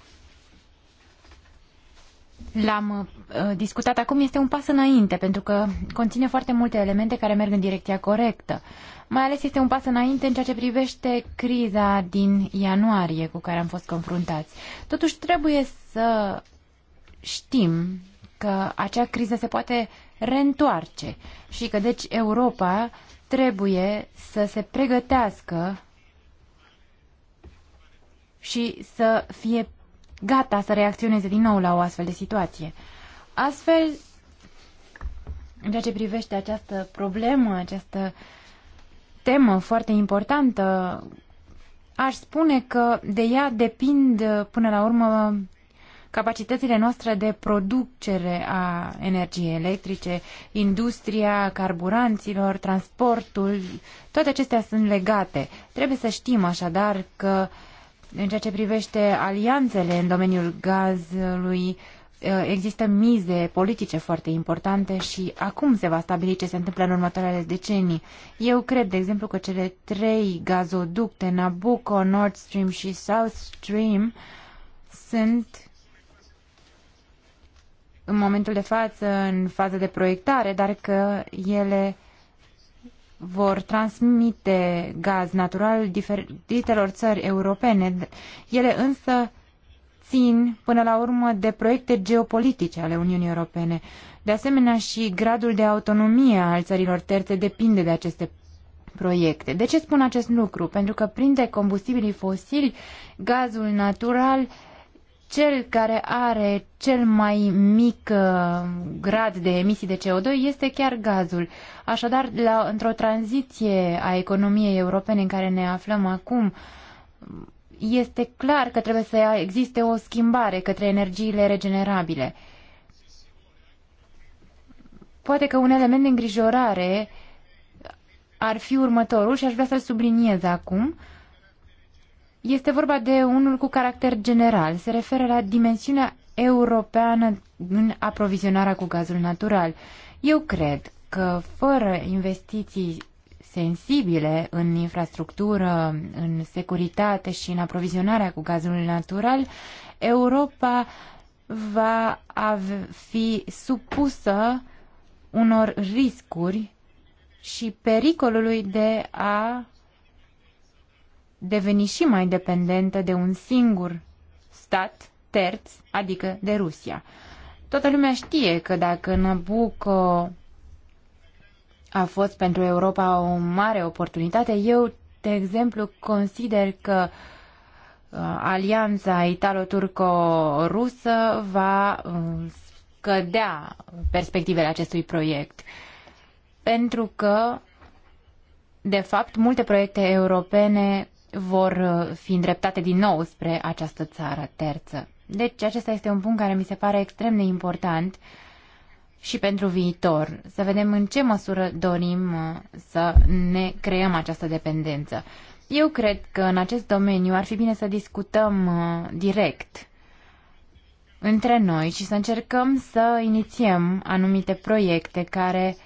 C: l-am uh, discutat acum este un pas înainte, pentru că conține foarte multe elemente care merg în direcția corectă. Mai ales este un pas înainte în ceea ce privește criza din ianuarie cu care am fost confruntați. Totuși trebuie să știm că acea criză se poate reîntoarce și că deci Europa trebuie să se pregătească și să fie gata să reacționeze din nou la o astfel de situație. Astfel, în ceea ce privește această problemă, această temă foarte importantă, aș spune că de ea depind până la urmă capacitățile noastre de producere a energiei electrice, industria carburanților, transportul, toate acestea sunt legate. Trebuie să știm așadar că în ceea ce privește alianțele în domeniul gazului, eh, există mize politice foarte importante și acum se va stabili ce se întâmplă în următoarele decenii. Eu cred, de exemplu, că cele trei gazoducte, Nabucco, Nord Stream și South Stream, sunt în momentul de față în fază de proiectare, dar că ele vor transmite gaz natural diferitelor țări europene. Ele însă țin până la urmă de proiecte geopolitice ale Uniunii Europene. De asemenea și gradul de autonomie al țărilor terțe depinde de aceste proiecte. De ce spun acest lucru? Pentru că prin combustibilii fosili, gazul natural cel care are cel mai mic uh, grad de emisii de CO2 este chiar gazul. Așadar, la, într-o tranziție a economiei europene în care ne aflăm acum, este clar că trebuie să existe o schimbare către energiile regenerabile. Poate că un element de îngrijorare ar fi următorul și aș vrea să-l subliniez acum, uh, este vorba de unul cu caracter general. Se referă la dimensiunea europeană în aprovizionarea cu gazul natural. Eu cred că fără investiții sensibile în infrastructură, în securitate și în aprovizionarea cu gazul natural, Europa va fi supusă unor riscuri și pericolului de a deveni și mai dependentă de un singur stat terț, adică de Rusia. Toată lumea știe că dacă Nabucco a fost pentru Europa o mare oportunitate, eu, de exemplu, consider că uh, alianța italo-turco-rusă va uh, scădea perspectivele acestui proiect. Pentru că, de fapt, multe proiecte europene vor uh, fi îndreptate din nou spre această țară terță. Deci acesta este un punct care mi se pare extrem de important și pentru viitor, să vedem în ce măsură dorim uh, să ne creăm această dependență. Eu cred că în acest domeniu ar fi bine să discutăm uh, direct între noi și să încercăm să inițiem anumite proiecte care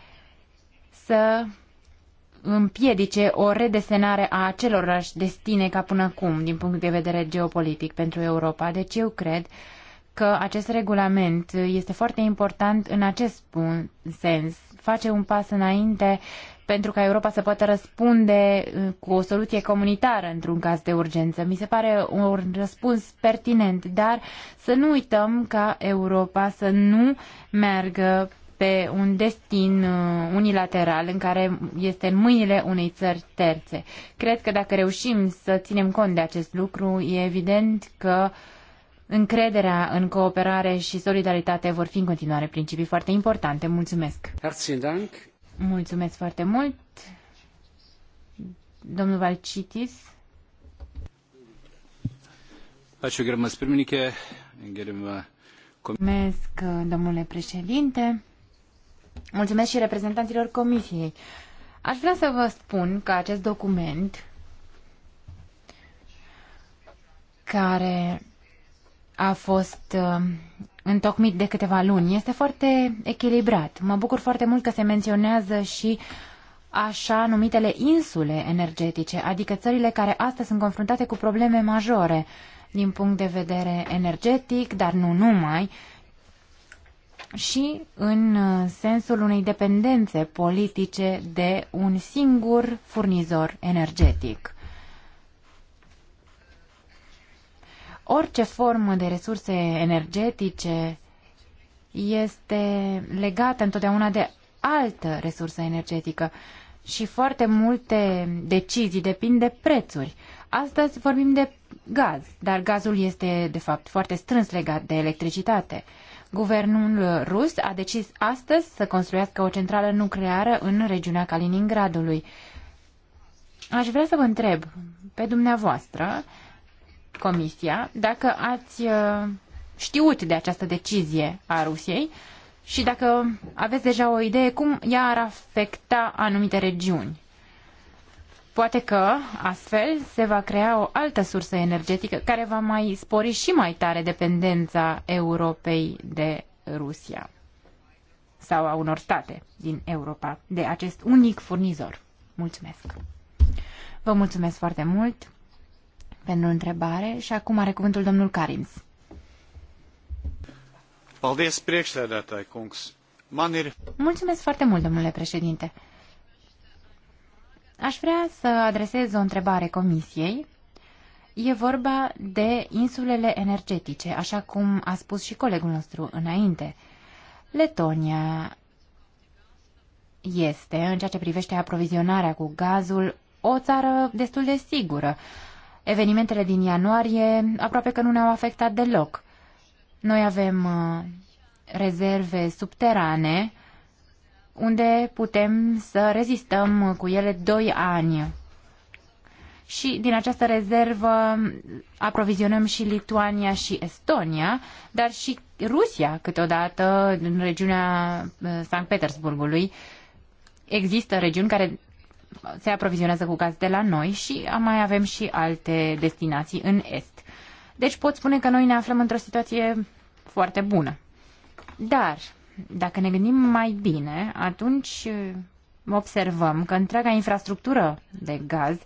C: să împiedice o redesenare a acelorași destine ca până acum, din punct de vedere geopolitic pentru Europa. Deci eu cred că acest regulament este foarte important în acest sens. Face un pas înainte pentru ca Europa să poată răspunde uh, cu o soluție comunitară într-un caz de urgență. Mi se pare un răspuns pertinent, dar să nu uităm ca Europa să nu meargă pe un destin uh, unilateral în care este în mâinile unei țări terțe. Cred că dacă reușim să ținem cont de acest lucru, e evident că încrederea în cooperare și solidaritate vor fi în continuare principii foarte importante. Mulțumesc! Mulțumesc foarte mult! Domnul Valcitis. Mulțumesc, domnule președinte. Mulțumesc și reprezentanților comisiei. Aș vrea să vă spun că acest document care a fost uh, întocmit de câteva luni este foarte echilibrat. Mă bucur foarte mult că se menționează și așa numitele insule energetice, adică țările care astăzi sunt confruntate cu probleme majore din punct de vedere energetic, dar nu numai, uh, și în uh, sensul unei dependențe politice de un singur furnizor energetic. Orice formă de resurse energetice este legată întotdeauna de altă resursă energetică și foarte multe decizii depind de prețuri. Astăzi vorbim de gaz, dar gazul este de fapt foarte strâns legat de electricitate. Guvernul rus a decis astăzi să construiască o centrală nucleară în regiunea Kaliningradului. Aș vrea să vă întreb pe dumneavoastră, Comisia, dacă ați uh, știut de această decizie a Rusiei și dacă aveți deja o idee cum ea ar afecta anumite regiuni. Poate că astfel se va crea o altă sursă energetică care va mai spori și mai tare dependența Europei de Rusia sau a unor state din Europa de acest unic furnizor. Mulțumesc! Vă mulțumesc foarte mult pentru întrebare și acum are cuvântul domnul Karims. Mulțumesc foarte mult, domnule președinte. Aș vrea să adresez o întrebare Comisiei. E vorba de insulele energetice, așa cum a spus și colegul nostru înainte. Letonia este, în ceea ce privește aprovizionarea cu gazul, o țară destul de sigură. Evenimentele din ianuarie aproape că nu ne-au afectat deloc. Noi avem uh, rezerve subterane unde putem să rezistăm cu ele doi ani. Și din această rezervă aprovizionăm și Lituania și Estonia, dar și Rusia câteodată în regiunea uh, Sankt Petersburgului. Există regiuni care se aprovizionează cu gaz de la noi și mai avem și alte destinații în Est. Deci pot spune că noi ne aflăm într-o situație foarte bună. Dar dacă ne gândim mai bine, atunci uh, observăm că întreaga infrastructură de gaz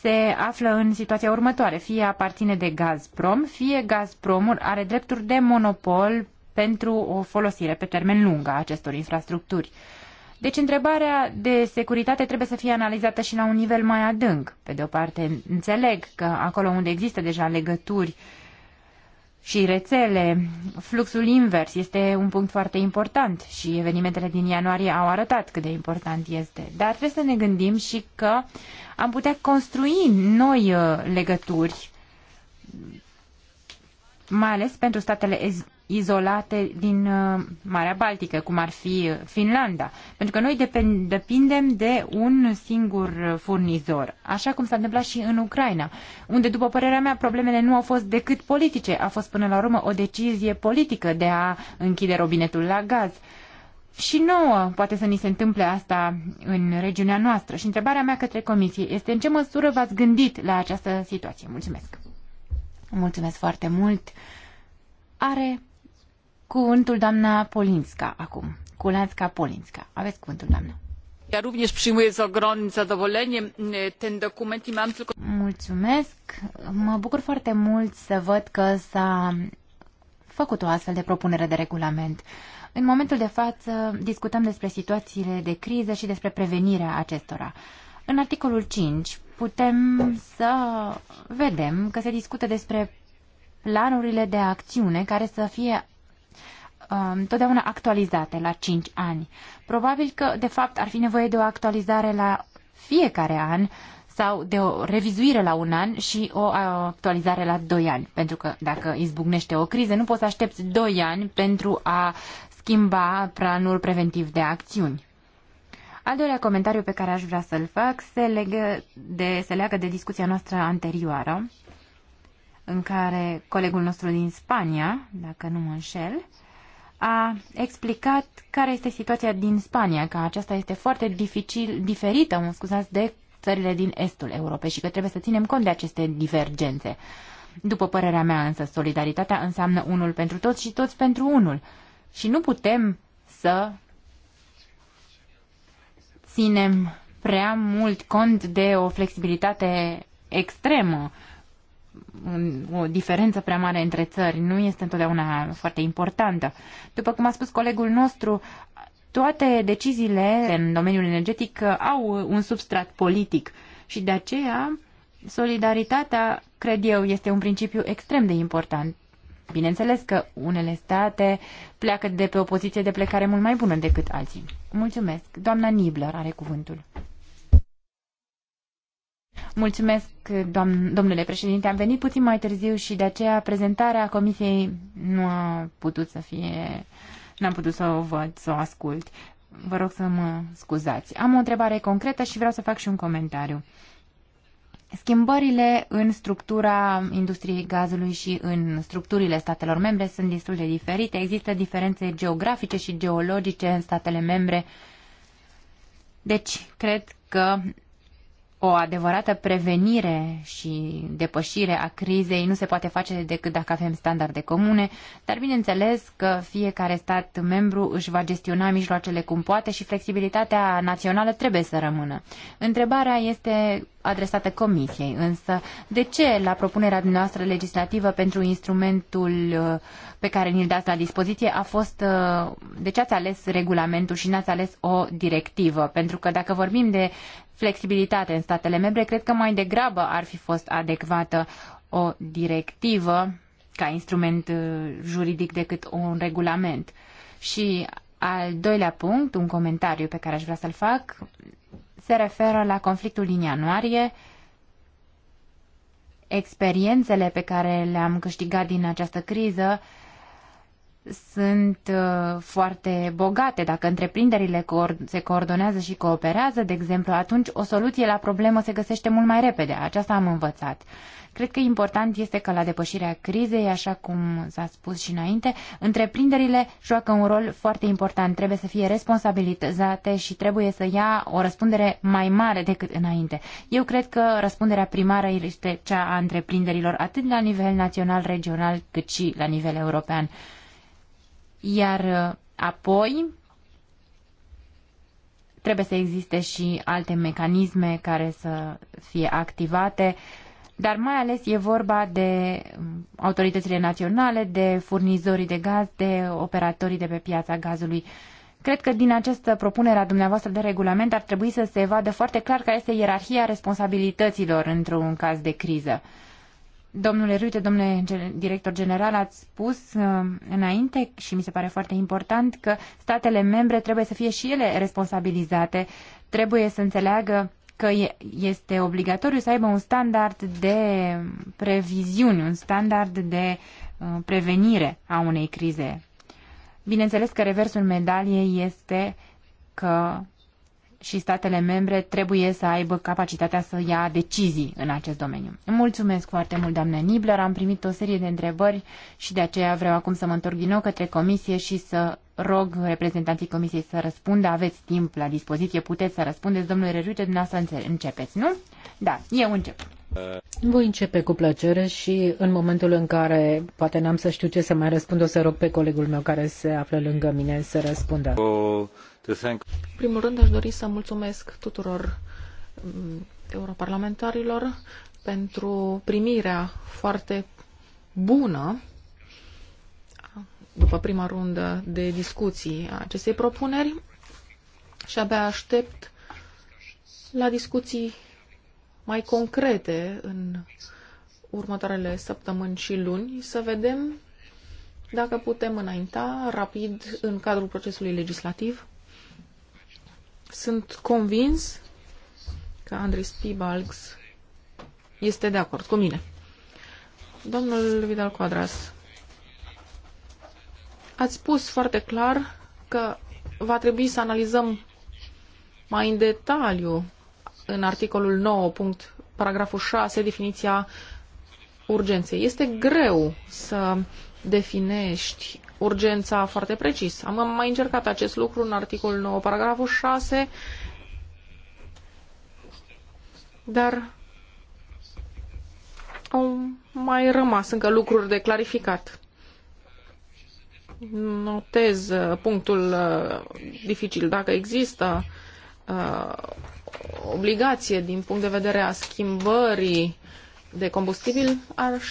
C: se află în situația următoare. Fie aparține de Gazprom, fie Gazpromul are drepturi de monopol pentru o folosire pe termen lung a acestor infrastructuri. Deci întrebarea de securitate trebuie să fie analizată și la un nivel mai adânc. Pe de o parte, înțeleg că acolo unde există deja legături uh, și rețele. Fluxul invers este un punct foarte important și evenimentele din ianuarie au arătat cât de important este. Dar trebuie să ne gândim și că am putea construi noi uh, legături mai ales pentru statele izolate din uh, Marea Baltică, cum ar fi uh, Finlanda, pentru că noi depindem de un singur furnizor, așa cum s-a întâmplat și în Ucraina, unde, după părerea mea, problemele nu au fost decât politice, a fost până la urmă o decizie politică de a închide robinetul la gaz. Și nouă poate să ni se întâmple asta în regiunea noastră. Și întrebarea mea către Comisie este în ce măsură v-ați gândit la această situație? Mulțumesc! Mulțumesc foarte mult! Are cuvântul doamna Polinska acum. Kulanska Polinska. Aveți cuvântul, doamna.
E: Ja również przyjmuję z ogromnym zadowoleniem ten dokument i mam tylko...
C: Mulțumesc. Mă bucur foarte mult să văd că s-a făcut o astfel de propunere de regulament. În momentul de față discutăm despre situațiile de criză și despre prevenirea acestora. În articolul 5 putem să vedem că se discută despre planurile de acțiune care să fie întotdeauna um, actualizate la 5 ani. Probabil că, de fapt, ar fi nevoie de o actualizare la fiecare an sau de o revizuire la un an și o uh, actualizare la 2 ani. Pentru că dacă izbucnește o criză, nu poți să aștepți 2 ani pentru a schimba planul preventiv de acțiuni. Al doilea comentariu pe care aș vrea să-l fac se, legă de, se leagă de discuția noastră anterioară, în care colegul nostru din Spania, dacă nu mă înșel, a explicat care este situația din Spania, că aceasta este foarte dificil, diferită, mă scuzați, de țările din estul Europei și că trebuie să ținem cont de aceste divergențe. După părerea mea însă, solidaritatea înseamnă unul pentru toți și toți pentru unul. Și nu putem să ținem prea mult cont de o flexibilitate extremă o diferență prea mare între țări nu este întotdeauna foarte importantă. După cum a spus colegul nostru, toate deciziile în domeniul energetic au un substrat politic și de aceea solidaritatea, cred eu, este un principiu extrem de important. Bineînțeles că unele state pleacă de pe o poziție de plecare mult mai bună decât alții. Mulțumesc. Doamna Nibler are cuvântul. Mulțumesc, doamn, domnule președinte. Am venit puțin mai târziu și de aceea prezentarea comisiei nu a putut să fie... N-am putut să o văd, să o ascult. Vă rog să mă scuzați. Am o întrebare concretă și vreau să fac și un comentariu. Schimbările în structura industriei gazului și în structurile statelor membre sunt destul de diferite. Există diferențe geografice și geologice în statele membre. Deci, cred că o adevărată prevenire și depășire a crizei nu se poate face decât dacă avem standarde comune, dar bineînțeles că fiecare stat membru își va gestiona mijloacele cum poate și flexibilitatea națională trebuie să rămână. Întrebarea este adresată Comisiei, însă de ce la propunerea noastră legislativă pentru instrumentul uh, pe care ni-l dați la dispoziție a fost, uh, de ce ați ales regulamentul și n-ați ales o directivă? Pentru că dacă vorbim de flexibilitate în statele membre. Cred că mai degrabă ar fi fost adecvată o directivă ca instrument uh, juridic decât un regulament. Și al doilea punct, un comentariu pe care aș vrea să-l fac, se referă la conflictul din ianuarie, experiențele pe care le-am câștigat din această criză sunt uh, foarte bogate. Dacă întreprinderile se coordonează și cooperează, de exemplu, atunci o soluție la problemă se găsește mult mai repede. Aceasta am învățat. Cred că important este că la depășirea crizei, așa cum s-a spus și înainte, întreprinderile joacă un rol foarte important. Trebuie să fie responsabilizate și trebuie să ia o răspundere mai mare decât înainte. Eu cred că răspunderea primară este cea a întreprinderilor, atât la nivel național, regional, cât și la nivel european. Iar uh, apoi trebuie să existe și alte mecanisme care să fie activate, dar mai ales e vorba de um, autoritățile naționale, de furnizorii de gaz, de operatorii de pe piața gazului. Cred că din această propunere a dumneavoastră de regulament ar trebui să se vadă foarte clar care este ierarhia responsabilităților într-un caz de criză. Domnule Ruite, domnule director general, ați spus uh, înainte și mi se pare foarte important că statele membre trebuie să fie și ele responsabilizate, trebuie să înțeleagă că este obligatoriu să aibă un standard de previziuni, un standard de uh, prevenire a unei crize. Bineînțeles că reversul medaliei este că și statele membre trebuie să aibă capacitatea să ia decizii în acest domeniu. Mulțumesc foarte mult, doamnă Nibler. Am primit o serie de întrebări și de aceea vreau acum să mă întorc din nou către comisie și să rog reprezentanții comisiei să răspundă. Aveți timp la dispoziție, puteți să răspundeți. Domnule Rejuce, dumneavoastră începeți, nu? Da, eu încep. Voi începe cu plăcere și în momentul în care
B: poate n-am să știu ce să mai răspund, o să rog pe colegul meu care se află lângă mine să răspundă.
D: În
E: primul rând, aș dori să mulțumesc tuturor mm, europarlamentarilor pentru primirea foarte bună după prima rundă de discuții a acestei propuneri și abia aștept la discuții mai concrete în următoarele săptămâni și luni să vedem dacă putem înainta rapid în cadrul procesului legislativ sunt convins că Andris Pibalgs este de acord cu mine. Domnul Vidal Quadras, ați spus foarte clar că va trebui să analizăm mai în detaliu în articolul 9, punct, paragraful 6, definiția urgenței. Este greu să definești urgența foarte precis. Am mai încercat acest lucru în articolul 9, paragraful 6, dar au mai rămas încă lucruri de clarificat. Notez uh, punctul uh, dificil. Dacă există uh, obligație din punct de vedere a schimbării de combustibil, aș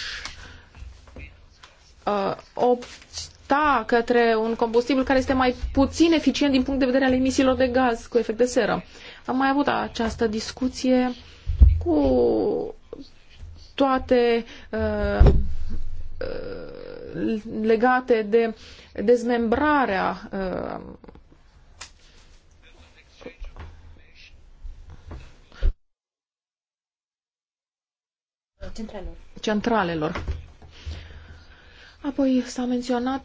E: uh, îndrepta către un combustibil care este mai puțin eficient din punct de vedere al emisiilor de gaz cu efect de seră. Am mai avut această discuție cu toate uh, uh legate de dezmembrarea uh, centralelor. centralelor. Apoi s-a menționat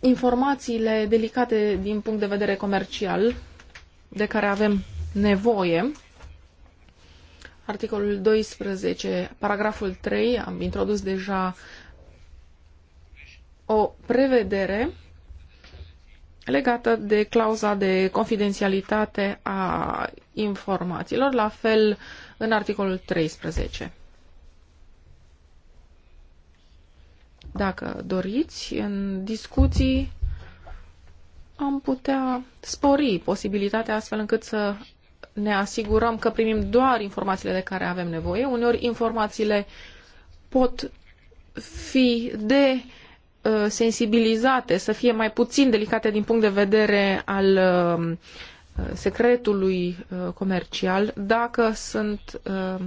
E: informațiile delicate din punct de vedere comercial de care avem nevoie. Articolul 12, paragraful 3, am introdus deja o prevedere legată de clauza de confidențialitate a informațiilor, la fel în articolul 13. Dacă doriți, în discuții am putea spori posibilitatea astfel încât să ne asigurăm că primim doar informațiile de care avem nevoie. Uneori informațiile pot fi de uh, sensibilizate, să fie mai puțin delicate din punct de vedere al um, uh, secretului uh, comercial, dacă sunt uh,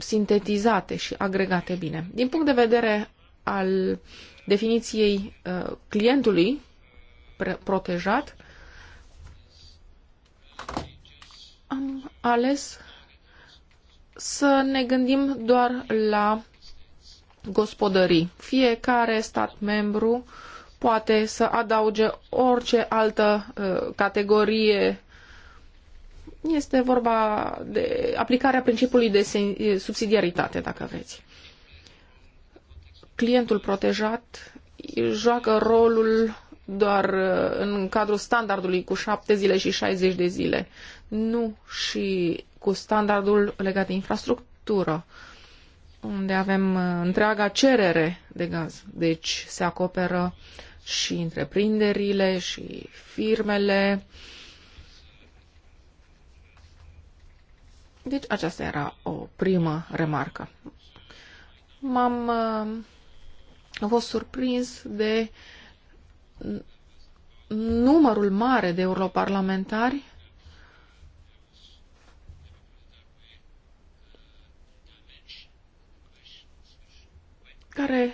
E: sintetizate și agregate bine. Din punct de vedere al definiției uh, clientului protejat, am ales să ne gândim doar la gospodării. Fiecare stat membru poate să adauge orice altă uh, categorie este vorba de aplicarea principiului de subsidiaritate, dacă vreți. Clientul protejat joacă rolul doar în cadrul standardului cu șapte zile și 60 de zile, nu și cu standardul legat de infrastructură, unde avem întreaga cerere de gaz. Deci se acoperă și întreprinderile și firmele, uh, Deci aceasta era o primă remarcă. M-am uh, fost surprins de numărul mare de europarlamentari care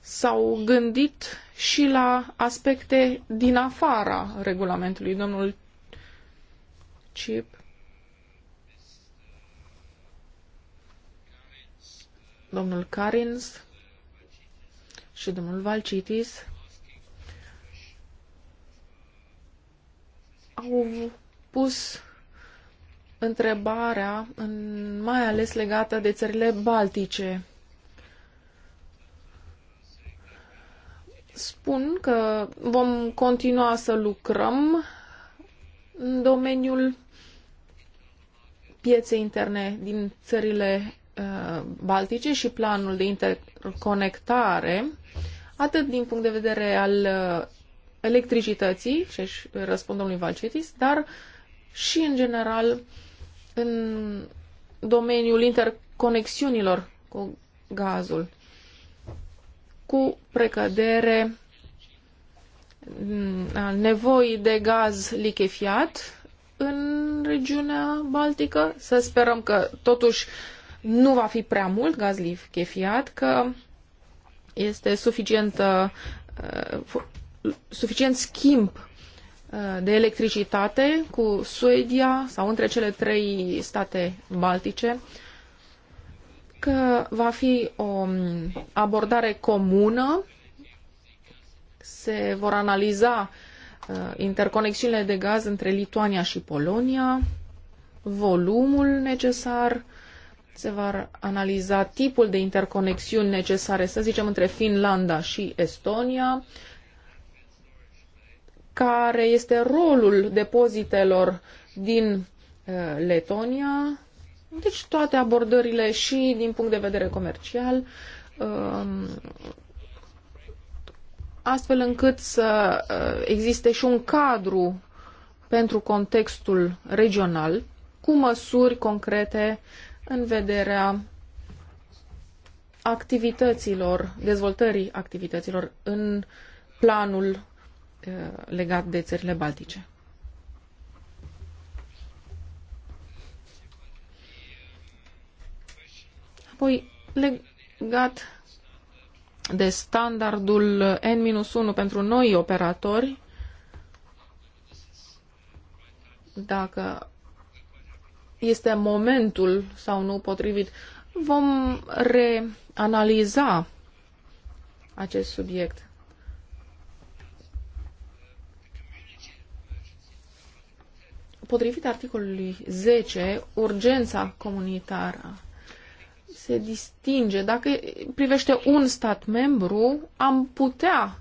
E: s-au gândit și la aspecte din afara regulamentului. Domnul Cip domnul Carins și domnul Valcitis au pus întrebarea, în, mai ales legată de țările baltice. Spun că vom continua să lucrăm în domeniul pieței interne din țările Uh, baltice și planul de interconectare, atât din punct de vedere al uh, electricității, și aș răspund domnului Valcetis, dar și în general în domeniul interconexiunilor cu gazul, cu precădere mm, nevoii de gaz lichefiat în regiunea Baltică. Să sperăm că totuși uh, nu va fi prea mult gaz lichefiat, că este suficient, uh, suficient schimb uh, de electricitate cu Suedia sau între cele trei state baltice, că va fi o um, abordare comună, se vor analiza uh, interconexiunile de gaz între Lituania și Polonia, volumul necesar, se va analiza tipul de interconexiuni necesare, să zicem, între Finlanda și Estonia, care este rolul depozitelor din uh, Letonia, deci toate abordările și din punct de vedere comercial, um, astfel încât să uh, existe și un cadru pentru contextul regional cu măsuri concrete uh, în vederea activităților, dezvoltării activităților în planul uh, legat de țările baltice. Apoi, legat de standardul N-1 pentru noi operatori, dacă este momentul sau nu potrivit. Vom reanaliza acest subiect. Potrivit articolului 10, urgența comunitară se distinge. Dacă privește un stat membru, am putea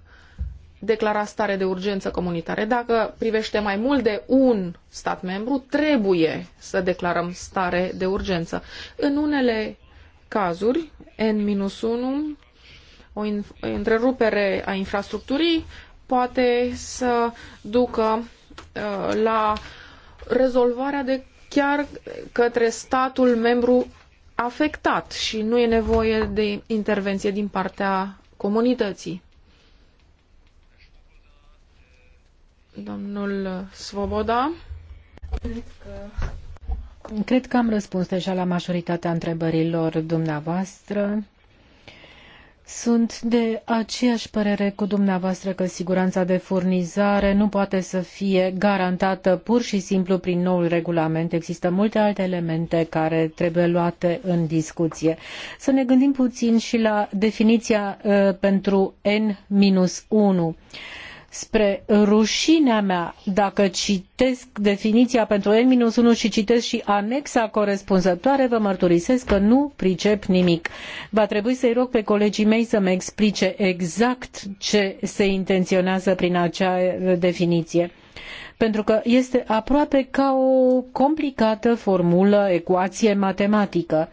E: declara stare de urgență comunitare. Dacă privește mai mult de un stat membru, trebuie să declarăm stare de urgență. În unele cazuri, N-1, o întrerupere a infrastructurii poate să ducă uh, la rezolvarea de chiar către statul membru afectat și nu e nevoie de intervenție din partea comunității. Domnul Svoboda. Cred
B: că... am răspuns deja la majoritatea întrebărilor dumneavoastră. Sunt de aceeași părere cu dumneavoastră că siguranța de furnizare nu poate să fie garantată pur și simplu prin noul regulament. Există multe alte elemente care trebuie luate în discuție. Să ne gândim puțin și la definiția uh, pentru N-1 spre rușinea mea, dacă citesc definiția pentru N-1 și citesc și anexa corespunzătoare, vă mărturisesc că nu pricep nimic. Va trebui să-i rog pe colegii mei să-mi explice exact ce se intenționează prin acea definiție. Pentru că este aproape ca o complicată formulă, ecuație matematică.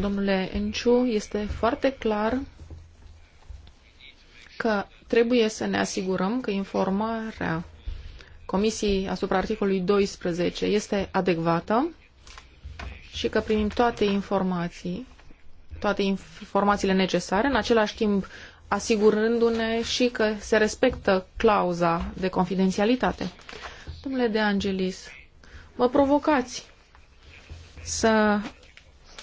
E: Domnule Enciu, este foarte clar că trebuie să ne asigurăm că informarea Comisiei asupra articolului 12 este adecvată și că primim toate informații, toate informațiile necesare, în același timp asigurându-ne și că se respectă clauza de confidențialitate. Domnule De Angelis, mă provocați să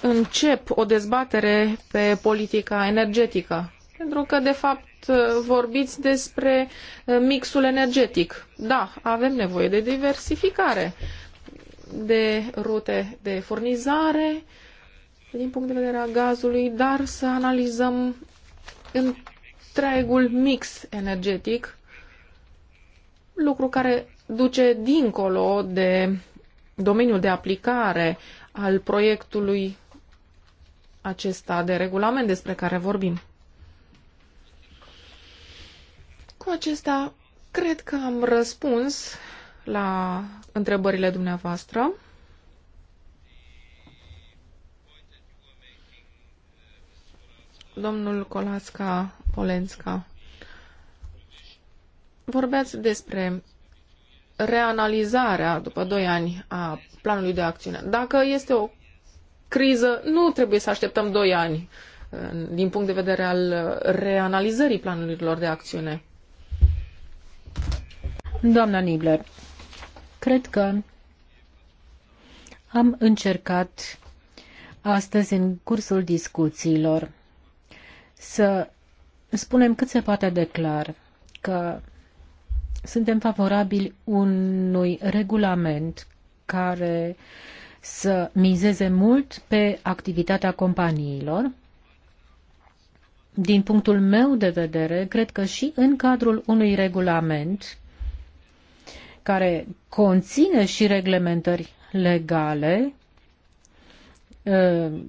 E: încep o dezbatere pe politica energetică pentru că, de fapt, vorbiți despre uh, mixul energetic. Da, avem nevoie de diversificare, de rute de furnizare, din punct de vedere a gazului, dar să analizăm întregul mix energetic, lucru care duce dincolo de domeniul de aplicare al proiectului acesta de regulament despre care vorbim. Cu acesta, cred că am răspuns la întrebările dumneavoastră. Domnul Colasca Polenska, vorbeați despre reanalizarea după 2 ani a planului de acțiune. Dacă este o criză, nu trebuie să așteptăm 2 ani uh, din punct de vedere al uh, reanalizării planurilor de acțiune.
B: Doamna Nibler, cred că am încercat astăzi în cursul discuțiilor să spunem cât se poate de clar că suntem favorabili unui regulament care să mizeze mult pe activitatea companiilor din punctul meu de vedere, cred că și în cadrul unui regulament care conține și reglementări legale uh,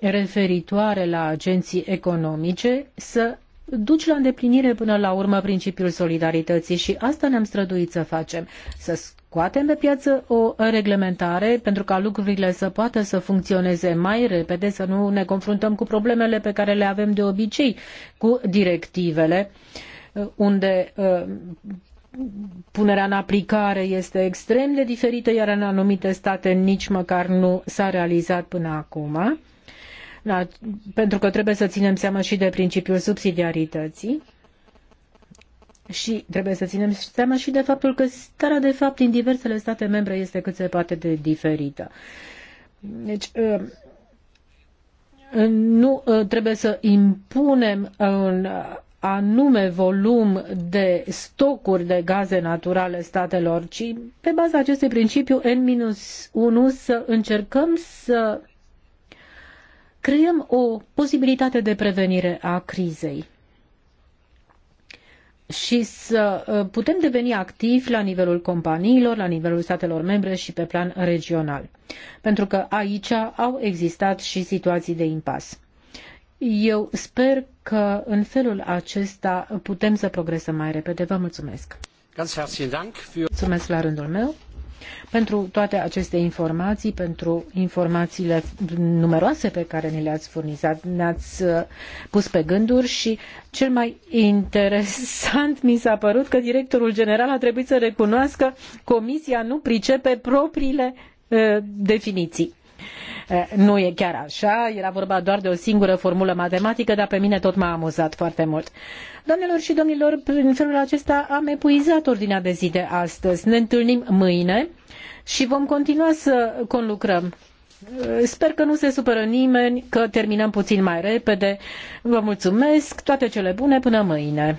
B: referitoare la agenții economice, să duci la îndeplinire până la urmă principiul solidarității și asta ne-am străduit să facem, să scoatem pe piață o reglementare pentru ca lucrurile să poată să funcționeze mai repede, să nu ne confruntăm cu problemele pe care le avem de obicei cu directivele uh, unde uh, punerea în aplicare este extrem de diferită, iar în anumite state nici măcar nu s-a realizat până acum. Da, pentru că trebuie să ținem seama și de principiul subsidiarității și trebuie să ținem seama și de faptul că starea de fapt din diversele state membre este cât se poate de diferită. Deci, ă, nu ă, trebuie să impunem un anume volum de stocuri de gaze naturale statelor, ci pe baza acestui principiu N-1 să încercăm să creăm o posibilitate de prevenire a crizei și să uh, putem deveni activi la nivelul companiilor, la nivelul statelor membre și pe plan regional. Pentru că aici au existat și situații de impas. Eu sper că în felul acesta putem să progresăm mai repede. Vă mulțumesc! Mulțumesc la rândul meu! pentru toate aceste informații, pentru informațiile numeroase pe care ni le-ați furnizat. Ne-ați uh, pus pe gânduri și cel mai interesant mi s-a părut că directorul general a trebuit să recunoască comisia nu pricepe propriile uh, definiții. Eh, nu e chiar așa, era vorba doar de o singură formulă matematică, dar pe mine tot m-a amuzat foarte mult. Doamnelor și domnilor, în felul acesta am epuizat ordinea de zi de astăzi. Ne întâlnim mâine și vom continua să conlucrăm. Eh, sper că nu se supără nimeni, că terminăm puțin mai repede. Vă mulțumesc, toate cele bune, până mâine!